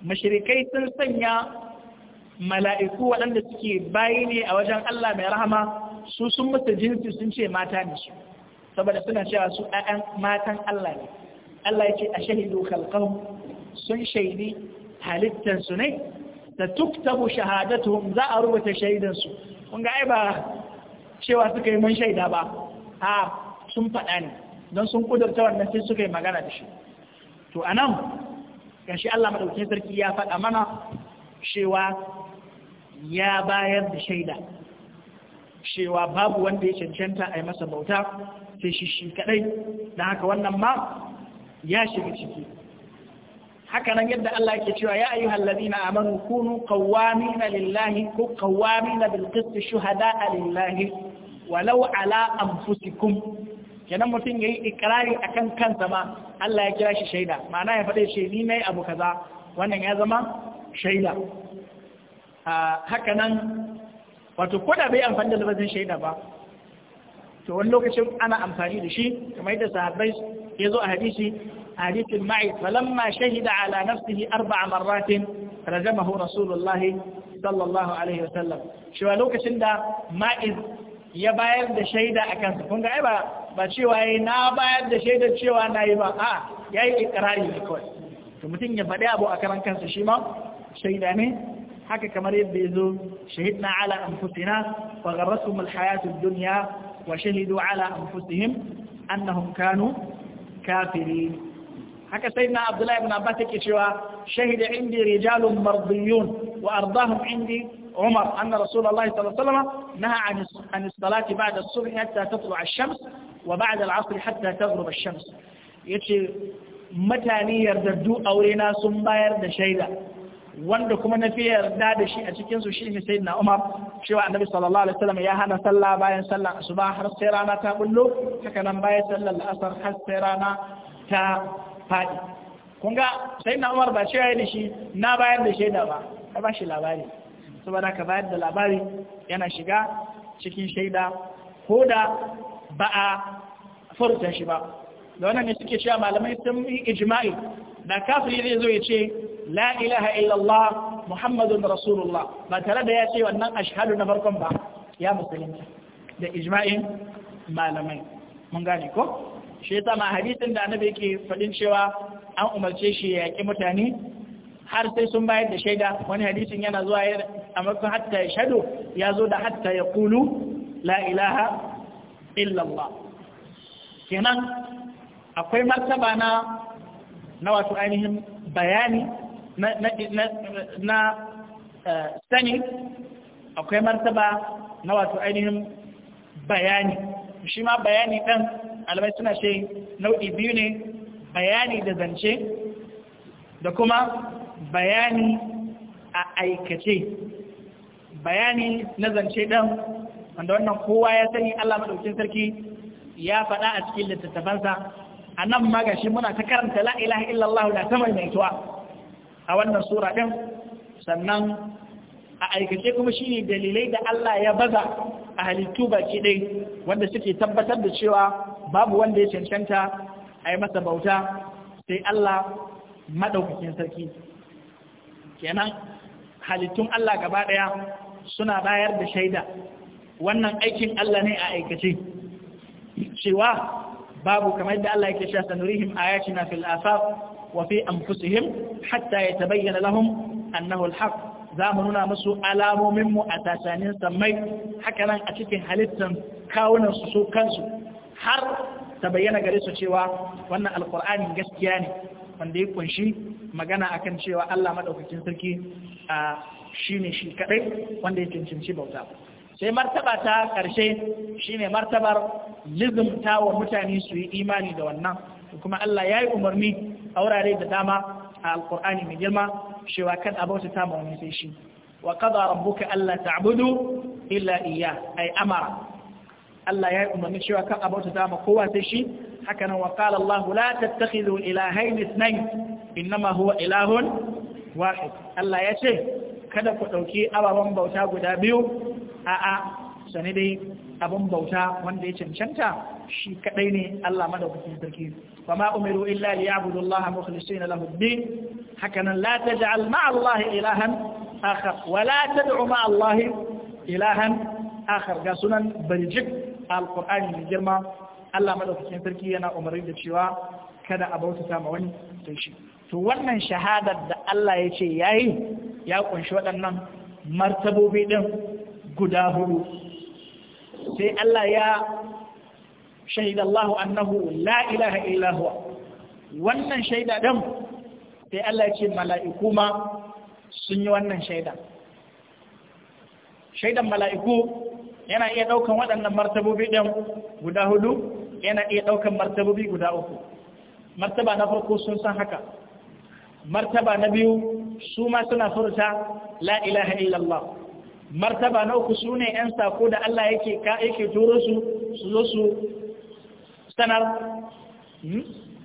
Mashirikai sun sanya mala'iku waɗanda suke bayi a wajen Allah mai rahama su sun musu jinsi sun ce mata ne saboda suna cewa su ɗayan matan Allah ne Allah ya ce a shahidu khalqahum sun shaidi halittansu ne da tuktabu shahadatuhum za a rubuta shaidansu kun ga ai ba cewa suka yi mun shaida ba a sun faɗa ne don sun kudurta wannan sai suka yi magana da shi to anan ƙarshe Allah madaukakin sarki ya faɗa mana cewa ya bayar da shaida cewa babu wanda ya cancanta a yi masa bauta sai shi shi kadai da haka wannan ma ya shiga ciki haka nan yadda Allah yake cewa ya ayyuhal ladina amanu kunu na lillahi ko kawwami na bil shuhada a lillahi walau ala anfusikum kenan mutum ya yi ikirari a kan kansa ma Allah ya kira shi shaida ma'ana ya faɗe shi ni mai abu kaza wannan ya zama shaida haka nan wato ko da bai amfani da lafazin shaida ba to wani lokacin ana amfani da shi kamar yadda sahabbai ya zo a hadisi hadisin ma'i falamma shahida ala nafsihi arba'a marratin rajamahu rasulullahi sallallahu alaihi wasallam shi wa lokacin da ma'iz ya bayar da shaida a kansa kun ga ai ba ba cewa yi na bayar da shaidar cewa na yi ba a ya yi ikirari da kawai to mutum ya faɗi abu a karan kansa shi ma shaida ne haka kamar yadda ya zo shahid na ala anfusina wa garrasu mulhayatun duniya wa shahidu ala anfusihim annahum kanu kafiri haka sai na abdullahi ibn abbas yake cewa shahida indi rijalun mardiyun wa ardahum indi عمر أن رسول الله صلى الله عليه وسلم نهى عن الصلاة بعد الصبح حتى تطلع الشمس wa ba'da al-'asr hatta taghrub ash ya ce mutane yardaddu aure na sun bayar da shaida wanda kuma na fi yarda da shi a cikin su shine sayyidina Umar cewa annabi sallallahu alaihi wasallam ya hana sallah bayan sallar asuba har sai rana ta bullo haka nan bayan sallar asar har sai rana ta fadi kun ga Umar ba cewa da shi na bayar da shaida ba ka ba shi labari saboda ka bayar da labari yana shiga cikin shaida ko da ba a farta shi ba da wannan ne suke cewa malamai sun yi ijma'i da kafiri zai zo ya ce la ilaha illallah muhammadun rasulullah ba tare da ya ce wannan ashhadu na farkon ba ya musulunta da ijma'in malamai mun gane ko shi yasa ma hadisin da annabi yake fadin cewa an umarce shi ya yaki mutane har sai sun bayar da shaida wani hadisin yana zuwa a makon hatta ya shado ya zo da hatta ya kulu la ilaha illallah kenan akwai martaba na na wato ainihin bayani na na eh, sani akwai martaba na wato ainihin bayani shi ma bayani ɗan alamai suna ce nau'i biyu ne bayani da zance da kuma bayani a aikace bayani na zance ɗan wanda wannan kowa ya sani Allah madaukakin sarki ya faɗa a cikin littattafansa a nan gashi muna ta karanta la ilaha illallah da ta maimaituwa a wannan sura din sannan a aikace kuma shine dalilai da Allah ya baza a halittu baki ɗaya wanda suke tabbatar da cewa babu wanda ya cancanta a yi masa bauta sai Allah maɗaukakin sarki kenan halittun Allah gaba ɗaya suna bayar da shaida wannan aikin Allah ne a aikace cewa babu kamar da Allah yake cewa sanurihim ayatina fil afaq wa fi anfusihim hatta yatabayyana lahum annahu alhaq zamu nuna musu alamomin mu a tasanin haka hakanan a cikin halittan kawunan su su kansu har ta bayyana gare su cewa wannan alqur'ani gaskiya ne wanda ya kunshi magana akan cewa Allah madaukakin sarki shine shi kadai wanda ya cancanci bauta sai martaba ta ƙarshe shine martabar lizumta wa mutane su yi imani da wannan kuma Allah ya yi umarni a wurare da dama a alƙur'ani mai girma cewa kan abota ta mawani sai shi wa qada rabbuka alla ta'budu illa iya ai amara Allah ya yi umarni cewa kan abota ta ma kowa sai shi haka nan wa qala Allah la tattakhidhu ilahayn ithnayn innama huwa ilahun wahid Allah ya ce kada ku dauki ababan bauta guda biyu a'a Sani dai abin bauta wanda ya cancanta shi kadai ne Allah madaukakin sarki wa ma umiru illa li ya'budu Allah mukhlisina lahu ad-din hakanan la taj'al ma'a Allah ilahan akhar wa la tad'u ma'a Allah ilahan akhar ga sunan barjik alƙur'ani mai girma Allah madaukakin sarki yana umarni da cewa kada a bautata sama wani sai shi to wannan shahadar da Allah ya ce yayi ya kunshi waɗannan martabobi din guda hudu sai Allah ya shahida Allah annahu la ilaha illa wannan shaida dan sai Allah ya ce mala'iku ma sun yi wannan shaida shaidan mala'iku yana iya ɗaukan waɗannan martabobi ɗin guda hudu yana iya ɗaukan martabobi guda uku martaba na farko sun san haka martaba na biyu su ma suna furta la ilaha illallah martaba na uku su ne ‘yan sako da Allah yake yake turo su su zo su sanar hmm?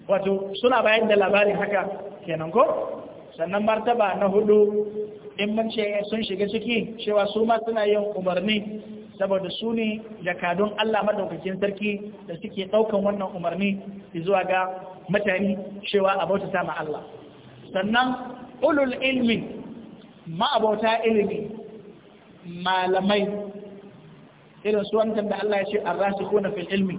wato suna bayan da labarin haka kenan ko sannan martaba na hudu in mace sun shiga ciki cewa su ma suna yin umarni saboda su ne jakadun Allah madaukakin sarki da suke ɗaukan wannan umarni zuwa ga mutane cewa a bautata ma Allah sannan ulul ilmi abota ilimi malamai irin su wancan da Allah ya ce an rasu kuna fil ilmi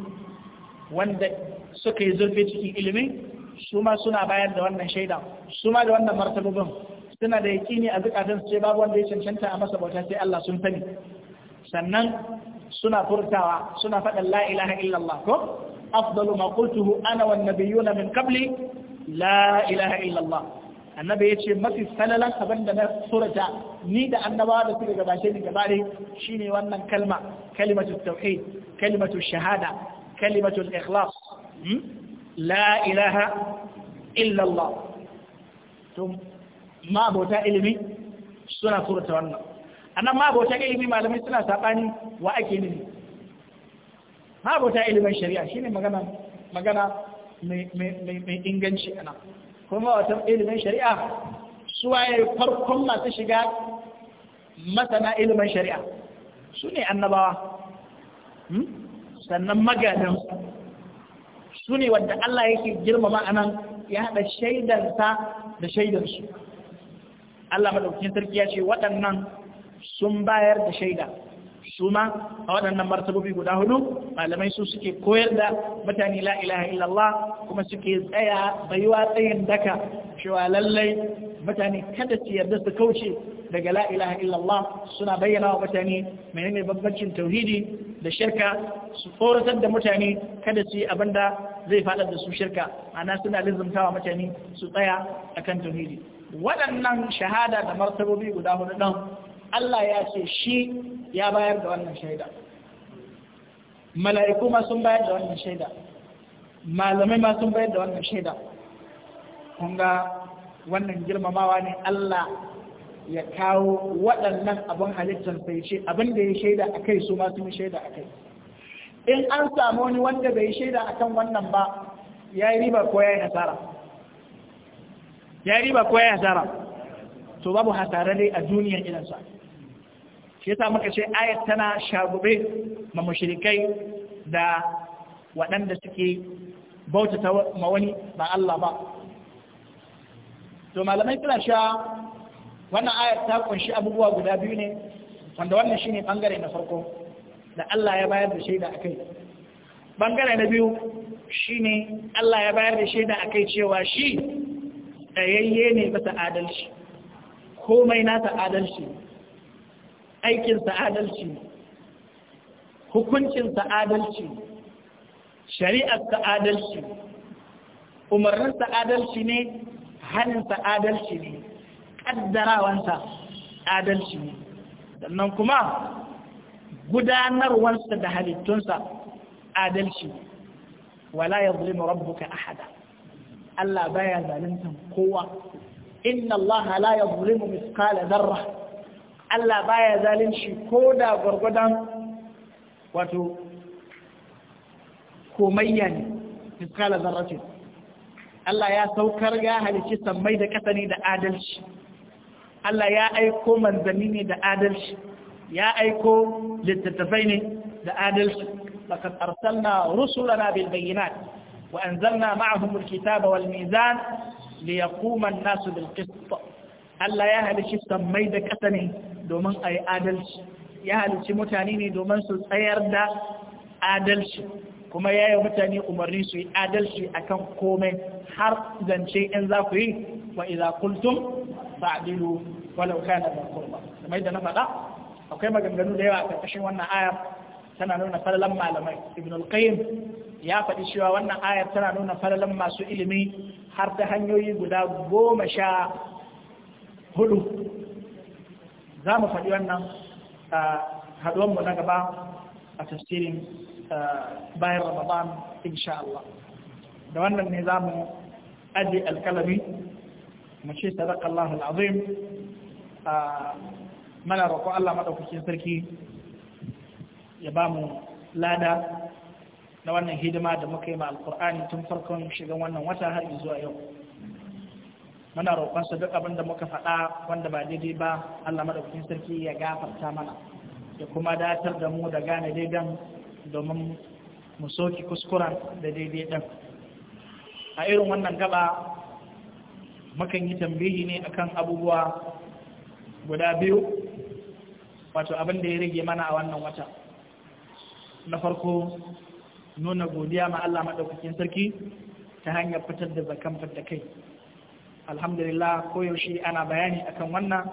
wanda suka yi zurfi cikin ilimi su ma suna bayar da wannan shaida su ma da wannan martabobin suna da yakini a zukatan su ce babu wanda ya cancanta a masa bauta sai Allah sun sani sannan suna furtawa suna faɗin la ilaha illallah ko afdalu ma qultuhu ana wan nabiyuna min qabli la ilaha illallah annabi ya ce mafi salalan abin da na surata ni da annaba da suka gabace ni gaba ne shine wannan kalma kalimatu tauhid kalimatu shahada kalimatu ikhlas hmm? la ilaha illa Allah to ma bota ilimi suna surata wannan annan ma bota ilimi malamai suna sabani wa ake nufi ma bota ilimin shari'a shine magana magana mai inganci ana kuma wata ilimin shari'a su waye farkon masu shiga masana ilimin shari'a su ne annabawa hmm? sannan magadan su ne wadda Allah yake girmama anan ya haɗa shaidarsa da shaidarsu Allah maɗaukin sarki ya ce waɗannan sun bayar da shaida Suma a waɗannan martabobi guda hudu malamai su suke koyar da mutane la ilaha illallah kuma suke tsaya baiwa tsayin daka cewa lallai mutane kada su yarda su kauce daga la ilaha illallah suna bayyana wa mutane menene bambancin tauhidi da shirka su tsoratar da mutane kada su yi abin da zai faɗar da su shirka ana suna lizumtawa mutane su tsaya akan tauhidi waɗannan shahada da martabobi guda hudu ɗan Allah ya ce shi ya bayar da wannan shaida mala'iku ma sun bayar da wannan shaida malamai ma sun bayar da wannan shaida Kunga wannan girmamawa ne Allah ya kawo waɗannan abin halittar sai ce abin da ya shaida a kai su masu shaida a kai in an samu wani wanda bai shaida a kan wannan ba ya yi riba ko ya yi hasara ya yi riba ko ya yi hasara to babu hasara a duniyar idansa shi yasa muka ce ayat tana shagube ma mushrikai da waɗanda suke bautata ma wani ba Allah ba to malamai suna sha wannan ayat ta kunshi abubuwa guda biyu ne wanda wannan shine bangare na farko da Allah ya bayar da shaida akai bangare na biyu shine Allah ya bayar da shaida akai cewa shi tsayayye ne bisa adalci komai ta adalci aikinsa adalci hukuncinsa adalci ne shari'arsa adalci umarninsa adalci ne hannunsa adalci ne ƙaddarawansa adalci ne sannan kuma gudanarwarsa da halittunsa adalci ne wala ya zulmi rabbuka ahada Allah baya zalunta kowa inna Allah la yuzlimu mithqala dharra Allah baya zalunci ko da gwargwadon wato komayya ne fiskala zarratin Allah ya saukar ya halici sammai da ƙasa ne da adalci Allah ya aiko manzanni ne da adalci ya aiko littattafai ne da adalci laqad arsalna rusulana bil bayyinat wa anzalna ma'ahum al-kitaba wal mizan liyaquma an-nasu bil qist Allah ya halishi sammai da ƙasa ne domin a yi adalci ya halishi mutane ne domin su tsayar da adalci kuma ya yi mutane umarni su yi adalci a kan komai har zance in za ku yi wa iza kultum fa'dilu walau da kurba kamar da na faɗa akwai maganganu da yawa a ƙarƙashin wannan ayar tana nuna falalan malamai ibn al ya faɗi cewa wannan ayar tana nuna falalan masu ilimi har ta hanyoyi guda goma sha hudu za mu faɗi wannan a mu na gaba a tafsirin bayan ramadan insha Allah da wannan ne za mu aje alkalami mu ce sadaka Allah al'azim mana roƙo Allah maɗaukakin sarki ya ba mu lada na wannan hidima da muka yi ma alƙur'ani tun farkon shigan wannan wata har zuwa yau muna roƙon sa duk abin da muka faɗa wanda ba daidai ba Allah madaukakin sarki ya gafarta mana ya kuma datar da mu da gane daidan domin mu soki kuskuren da daidai ɗin a irin wannan gaba mukan yi tambihi ne akan abubuwa guda biyu wato abin da ya rage mana a wannan wata na farko nuna godiya ma Allah maɗaukakin sarki ta hanyar fitar da zakan fitar da kai alhamdulillah koyaushe ana bayani akan wannan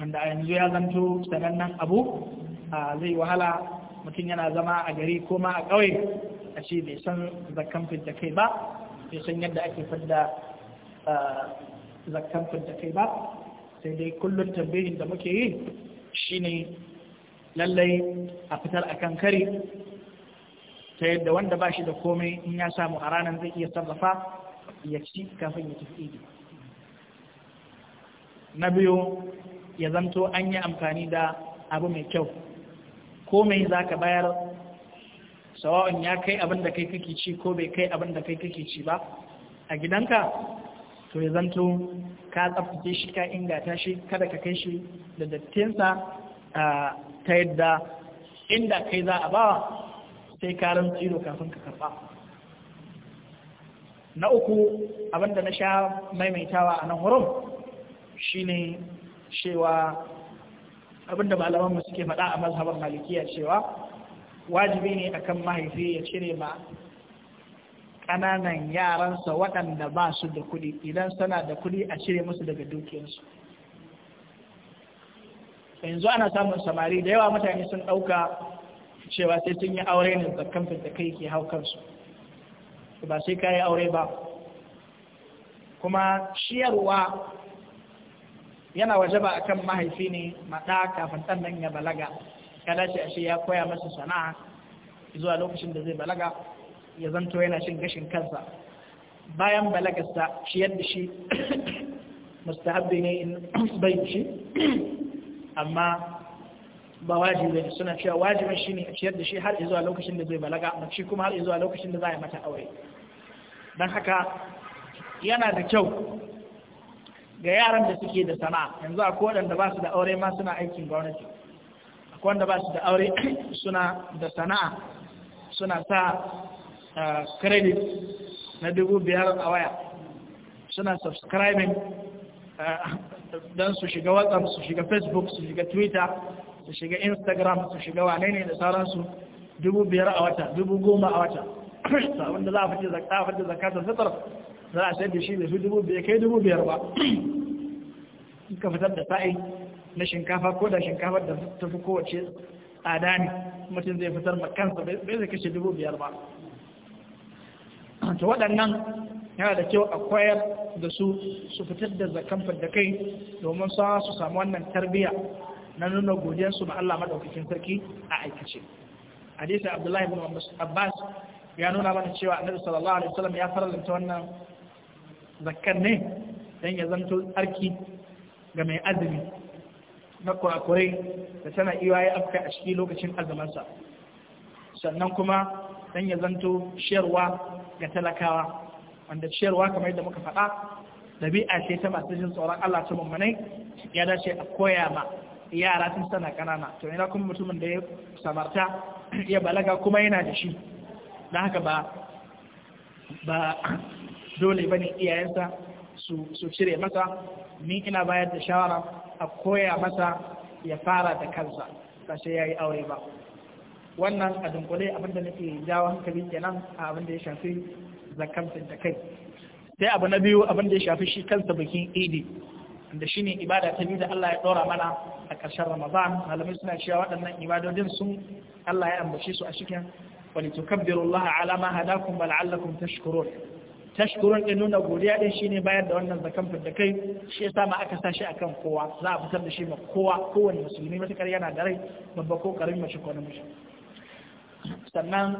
wanda a yanzu ya zanto sanannen abu zai wahala mutum yana zama a gari ko ma a ƙauye a ce bai san zakkan fidda kai ba bai san yadda ake fidda zakkan fidda kai ba sai dai kullum tambayin da muke yi shine lallai a fitar akan kari. ta yadda wanda ba shi da komai in ya samu a ranar zai iya sarrafa ya ci kafin ya tafi idi na biyu ya zanto an yi amfani da abu mai kyau ko mai za ka bayar sawa'un ya kai abin da kai kake ci ko bai kai abin da kai kake ci ba a gidanka to ya zanto ka tsaftace shi ka ingata shi kada ka kai shi da dattinsa ta yadda inda kai za a bawa sai karin tsiro kafin ka karba na uku abinda na sha maimaitawa a nan wurin shine cewa abinda malamanmu suke faɗa a mazhabar malikiya cewa wajibi ne akan mahaifi ya cire ma ƙananan yaransa waɗanda ba su da kuɗi idan suna da kuɗi a cire musu daga dukiyarsu yanzu ana samun samari da yawa mutane sun ɗauka cewa sai sun yi aure ne zakkan da kai ke hau kansu ba sai ka yi aure ba kuma ciyarwa yana wajaba akan mahaifi ne maɗa kafin nan ya balaga ya dace a ya koya masa sana'a zuwa lokacin da zai balaga ya zanto yana shin gashin kansa bayan balagarsa shi yadda shi mustahabbi ne in bai shi amma ba wajibi ne suna cewa wajibin shi ne a ciyar da shi har zuwa lokacin da zai balaga shi kuma har zuwa lokacin da za a yi mata aure don haka yana da kyau ga yaran da suke da sana'a yanzu akwai waɗanda ba su da aure ma suna aikin gwamnati akwai wanda ba su da aure suna da sana'a suna sa uh, credit na dubu biyar a waya suna subscribing uh, don su shiga whatsapp su shiga facebook su shiga twitter su shiga instagram su shiga wane ne da sauransu dubu biyar a wata dubu goma a wata abinda za a fita zakatar fitar za a sayar da shi da su dubu biyar kai dubu biyar ba suka fitar da sa'i na shinkafa ko da shinkafar da ta fi kowace tsada ne mutum zai fitar ma kansa bai zai kashe dubu biyar ba to waɗannan yana da kyau a koyar da su su fitar da zakan da kai domin sa su samu wannan tarbiyya na nuna godiyarsu ma Allah maɗaukakin sarki a aikace hadisi Abdullahi ibn Abbas ya nuna mana cewa Annabi sallallahu alaihi wasallam ya faranta wannan Zakar ne don ya zanto tsarki ga mai azumi na kurakurai da tana iya ya afka a ciki lokacin azumansa sannan kuma don ya zanto shiyarwa ga talakawa wanda shiyarwa kamar yadda muka faɗa ɗabi'a ce ta masu jin tsoron Allah ta mummunai ya dace a koya ma yara tun sana ƙanana to ina kuma mutumin da ya samarta ya balaga kuma yana da shi don haka ba dole bane iyayensa su su cire masa ni ina bayar da shawara a koya masa ya fara da kansa ba sai yayi aure ba wannan a dunkule abinda nake jawo hankali kenan a abin da ya shafi zakamtin da kai sai abu na biyu abin da ya shafi shi kansa bikin idi da shi ne ibada ta biyu da Allah ya ɗora mana a ƙarshen Ramadan malamai suna cewa waɗannan ibadodin sun Allah ya ambace su a cikin wani tukabbiru Allah ala ma hadakum wa la'allakum tashkurun tashkurun din nuna godiya din shine bayar da wannan zakan da kai shi yasa ma aka sashi akan kowa za a fitar da shi ma kowa kowane musulmi matakar yana da rai babba ko karamin mace ko namiji sannan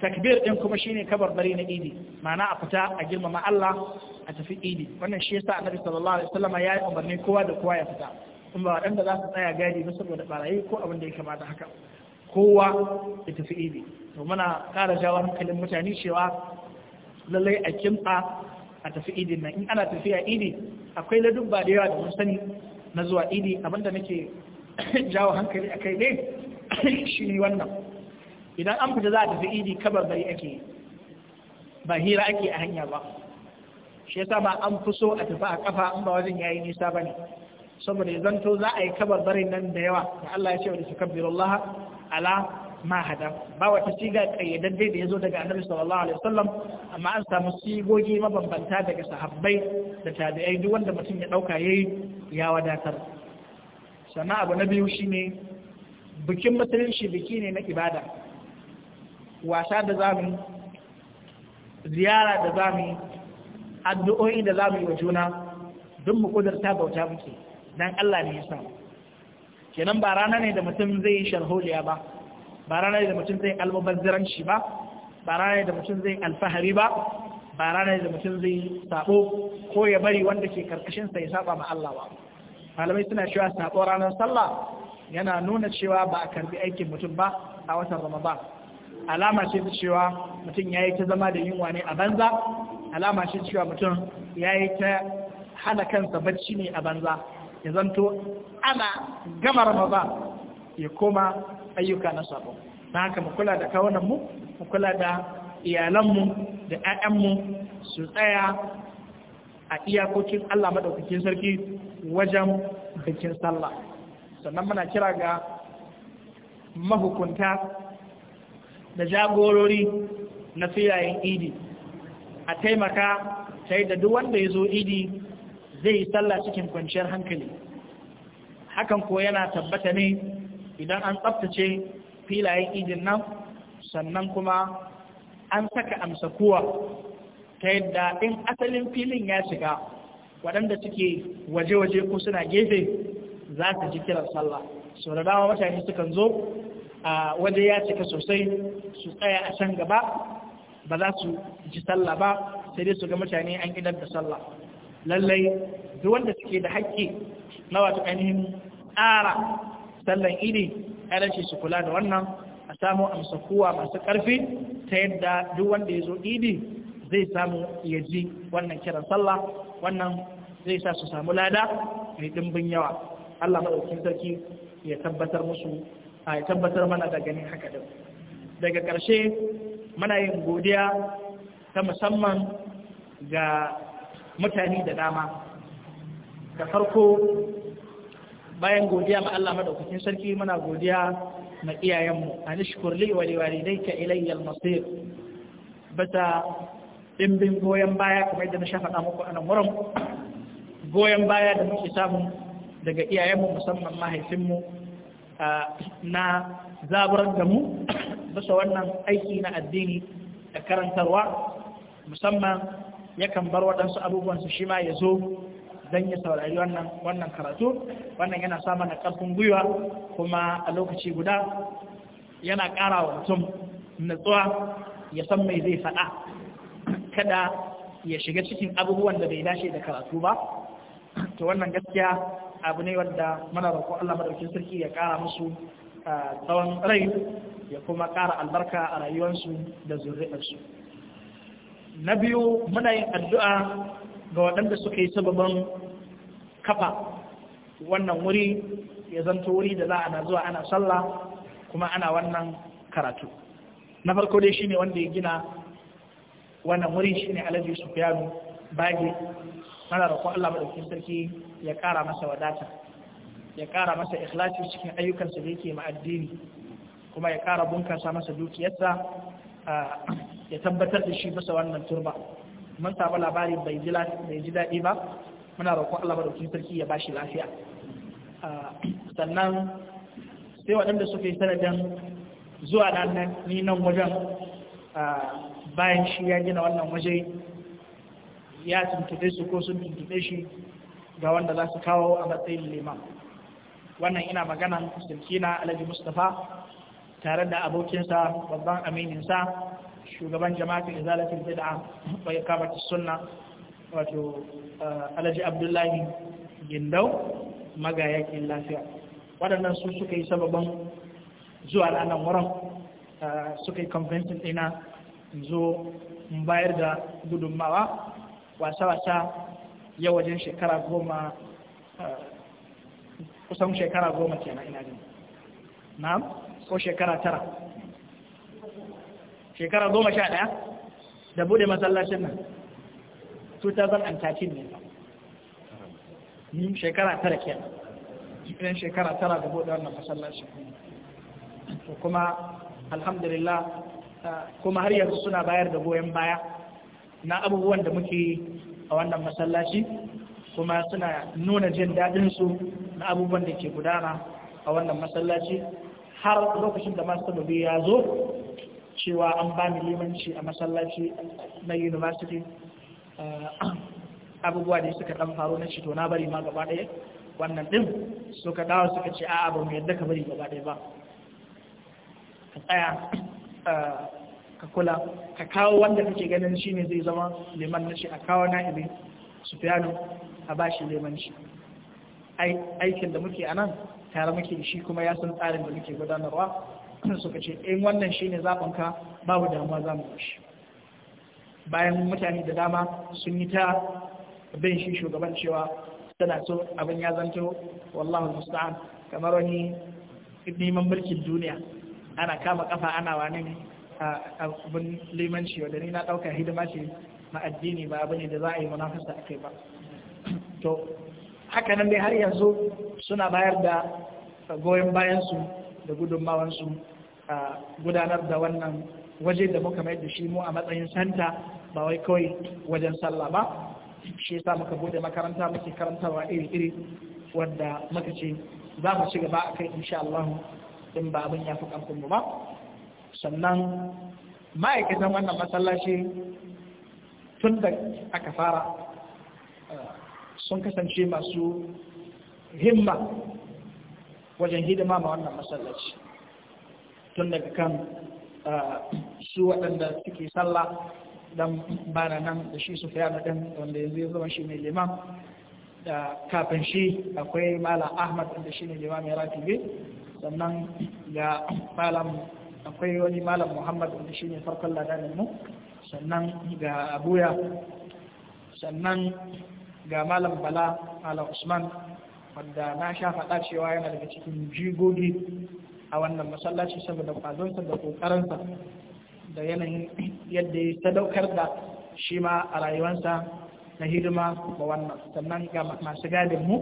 takbir din kuma shine bari na idi ma'ana a fita a girmama Allah a tafi idi wannan shi yasa annabi sallallahu alaihi wasallam ya yi umarni kowa da kowa ya fita kuma waɗanda za su tsaya gadi ba saboda barayi ko abin da ya kamata haka kowa ya tafi idi to muna ƙara jawo hankalin mutane cewa lallai a kimta a tafi idin nan in ana tafiya idi akwai ba da yawa da mun sani na zuwa idi abinda nake jawo hankali a kai ne shi ne wannan idan an fita za a tafi idi kabar bari ake ba hira ake a hanya ba shi yasa ba an fi so a tafi a kafa an ba wajen yayi nisa bane saboda ya zanto za a yi kabar barin nan da yawa da Allah ya ce wa da su ala mahada ba wata siga kayyadadde da ya zo daga annabi sallallahu alaihi wasallam amma an samu sigogi mabambanta daga sahabbai da tabi'ai duk wanda mutum ya dauka yayi ya wadatar sana abu na biyu shine bikin musulunci biki ne na ibada wasa da zamu ziyara da zamu addu'o'i da zamu yi wa juna duk mu kudurta bauta muke dan Allah ne ya sa kenan ba rana ne da mutum zai yi sharholiya ba ba ranar da mutum zai almubazziranci ba ba ranar da mutum zai alfahari ba ba ranar da mutum zai sabo ko ya bari wanda ke karkashin sa ya saba ma Allah ba malamai suna cewa sabo ranar sallah yana nuna cewa ba a karbi aikin mutum ba a watan Ramadan alama ce ta cewa mutum yayi ta zama da yunwa ne a banza alama ce cewa mutum yayi ta hana kansa bacci ne a banza ya zanto ana gama Ramadan ya koma ayyuka na sabo na haka mu kula da kawunanmu mu kula da iyalanmu da mu su tsaya a iyakokin Allah maɗaukakin sarki wajen bikin sallah sannan muna kira ga mahukunta da jagorori na filayen idi a taimaka ta da duk wanda ya zo idi zai yi sallah cikin kwanciyar hankali hakan ko yana tabbata ne idan an tsaftace filayen idin nan sannan kuma an saka amsa kuwa ta yadda in asalin filin ya shiga waɗanda suke waje-waje ko suna gefe za su ji kiran sallah sau da dama mutane sukan zo a waje ya cika sosai su tsaya a can gaba ba za su ji sallah ba sai dai su ga mutane an idar da sallah lallai duk wanda suke da haƙƙi na wata ainihin tsara sallan idi shi su kula da wannan a samu kuwa masu ƙarfi ta yadda duk wanda ya zo idi zai samu ya ji wannan kiran sallah wannan zai sa su samu lada mai ɗimbin yawa Allah maɗaukin sarki ya tabbatar musu a ya tabbatar mana da ganin haka din daga ƙarshe muna yin godiya ta musamman ga mutane da dama da farko bayan godiya ma Allah madaukakin sarki muna godiya ma iyayenmu an shukur li wa liwalidayka ilayya al-masir bata dimbin goyen baya kamar yadda na shafa da muku anan wurin goyen baya da muke samu daga iyayenmu musamman mahaifinmu na zabar da mu bisa wannan aiki na addini da karantarwa musamman yakan bar waɗansu abubuwansu shi ma ya zo Zan ya saurari wannan karatu wannan yana sa mana karfin gwiwa kuma a lokaci guda yana ƙara wa mutum natsuwa ya san mai zai faɗa kada ya shiga cikin abubuwan da bai dace da karatu ba to wannan gaskiya abu ne wanda mana roƙo Allah madaukakin sarki ya kara musu tsawon rai ya kuma kara albarka a rayuwarsu da zuri'arsu na biyu muna yin addu'a ga waɗanda suka yi sababan kafa wannan wuri ya zanto wuri da za na zuwa ana sallah kuma ana wannan karatu na farko dai shine wanda ya gina wannan wuri shine alhaji sufyanu bage mana roƙon Allah madaukakin sarki ya ƙara masa wadata ya ƙara masa ikhlasi cikin ayyukansa da yake ma'addini kuma ya ƙara bunkasa masa dukiyarsa ah, ya tabbatar da shi masa wannan turba mun samu labarin bai ji daɗi ba muna roƙon Allah madaukakin sarki ya ba shi lafiya ah, sannan sai waɗanda suka yi sanadin zuwa nan ni nan wajen ah, bayan shi ya gina wannan waje ya tuntube su ko sun tuntube shi ga wanda za su kawo a matsayin liman wannan ina maganan na alhaji mustapha tare da abokinsa babban amininsa shugaban jama'a jama'atul izalatul bid'a wa iqamatus sunna wato eh, alhaji abdullahi gindau magayakin lafiya waɗannan su suka yi sababan zuwa ranar wurin eh, suka yi convention ɗina zo bayar da gudunmawa wasa-wasa yau wajen shekara goma eh, kusan shekara goma na ina jin na ko shekara tara shekara goma sha ɗaya da bude masallacin nan 2013 ne yin shekara tara ke yin shekara tara da bude wannan masallacin to kuma alhamdulillah ah, kuma har yanzu suna bayar da goyon baya na abubuwan da muke a wannan masallaci kuma suna nuna jin daɗinsu na abubuwan da ke gudana a wannan masallaci har lokacin da masu tabbabi ya zo cewa an ba ni limanci a masallaci na university eh, abubuwa da suka dan faru na to na bari ma gaba daya wannan ɗin suka dawo suka ce a'a ba mu yadda ka bari gaba daya ba ka tsaya eh, ka kula ka kawo wanda kake ganin shi ne zai zama liman na shi a kawo ibi su fiyano a ba shi limanci aikin da muke a nan tare muke shi kuma ya san tsarin da muke gudanarwa suka ce in eh, wannan shi ne zaɓinka babu damuwa za mu shi bayan mutane da dama sun yi ta bin shi shugaban cewa tana so abin ya zanto wallahu musta'an kamar wani neman mulkin duniya ana kama kafa ana wani abin limanci wadda ni na ɗauka hidima ce na addini ba abu da za a yi munafasa a kai ba to haka nan dai har yanzu suna bayar da goyon bayansu da gudunmawansu gudanar da wannan waje da muka mai da shi mu a matsayin santa ba wai kawai wajen sallah ba shi yasa muka bude makaranta muke karantawa iri-iri wanda muka ce za mu ci gaba a kai insha Allah in ba abin ya fi kamfin mu ba sannan ma'aikatan wannan masallaci tun da aka fara sun kasance masu himma wajen hidima ma wannan masallaci tun daga kan su waɗanda suke sallah dan bana nan da shi su fiya dan wanda yanzu ya zama shi mai liman da kafin shi akwai malam ahmad wanda shi ne liman ya ratibe sannan ga malam akwai wani malam muhammad wanda shi ne farkon ladanin mu sannan ga abuya sannan ga malam bala malam usman wanda na sha faɗa cewa yana daga cikin jigogi a wannan masallaci saboda kwazonsa da kokarinsa da yanayin yadda ya sadaukar da shi ma a rayuwarsa na hidima ga wannan sannan ga masu gadin mu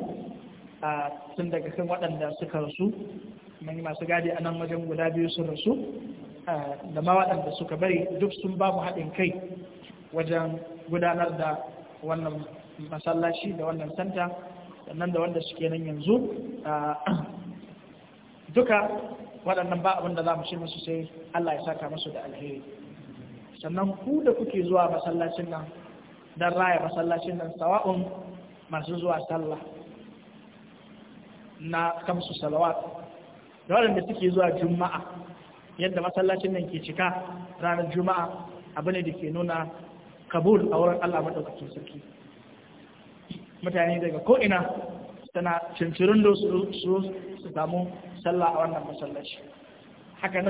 a tun daga kan waɗanda suka rasu mun masu gadi a nan wajen guda biyu sun rasu da ma waɗanda suka bari duk sun ba mu haɗin kai wajen gudanar da wannan masallaci da wannan santa sannan da wanda suke nan yanzu duka waɗannan ba abin da za mu shi musu sai Allah ya saka musu da alheri sannan ku da kuke zuwa masallacin nan don raya masallacin nan sawa'un masu zuwa sallah na kamsu salawat da waɗanda suke zuwa juma'a yadda masallacin nan ke cika ranar juma'a abu ne da ke nuna kabul a wurin Allah maɗaukakin sarki mutane daga ko'ina suna cincirin da su samu sallah a wannan masallaci haka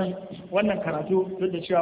wannan karatu duk da cewa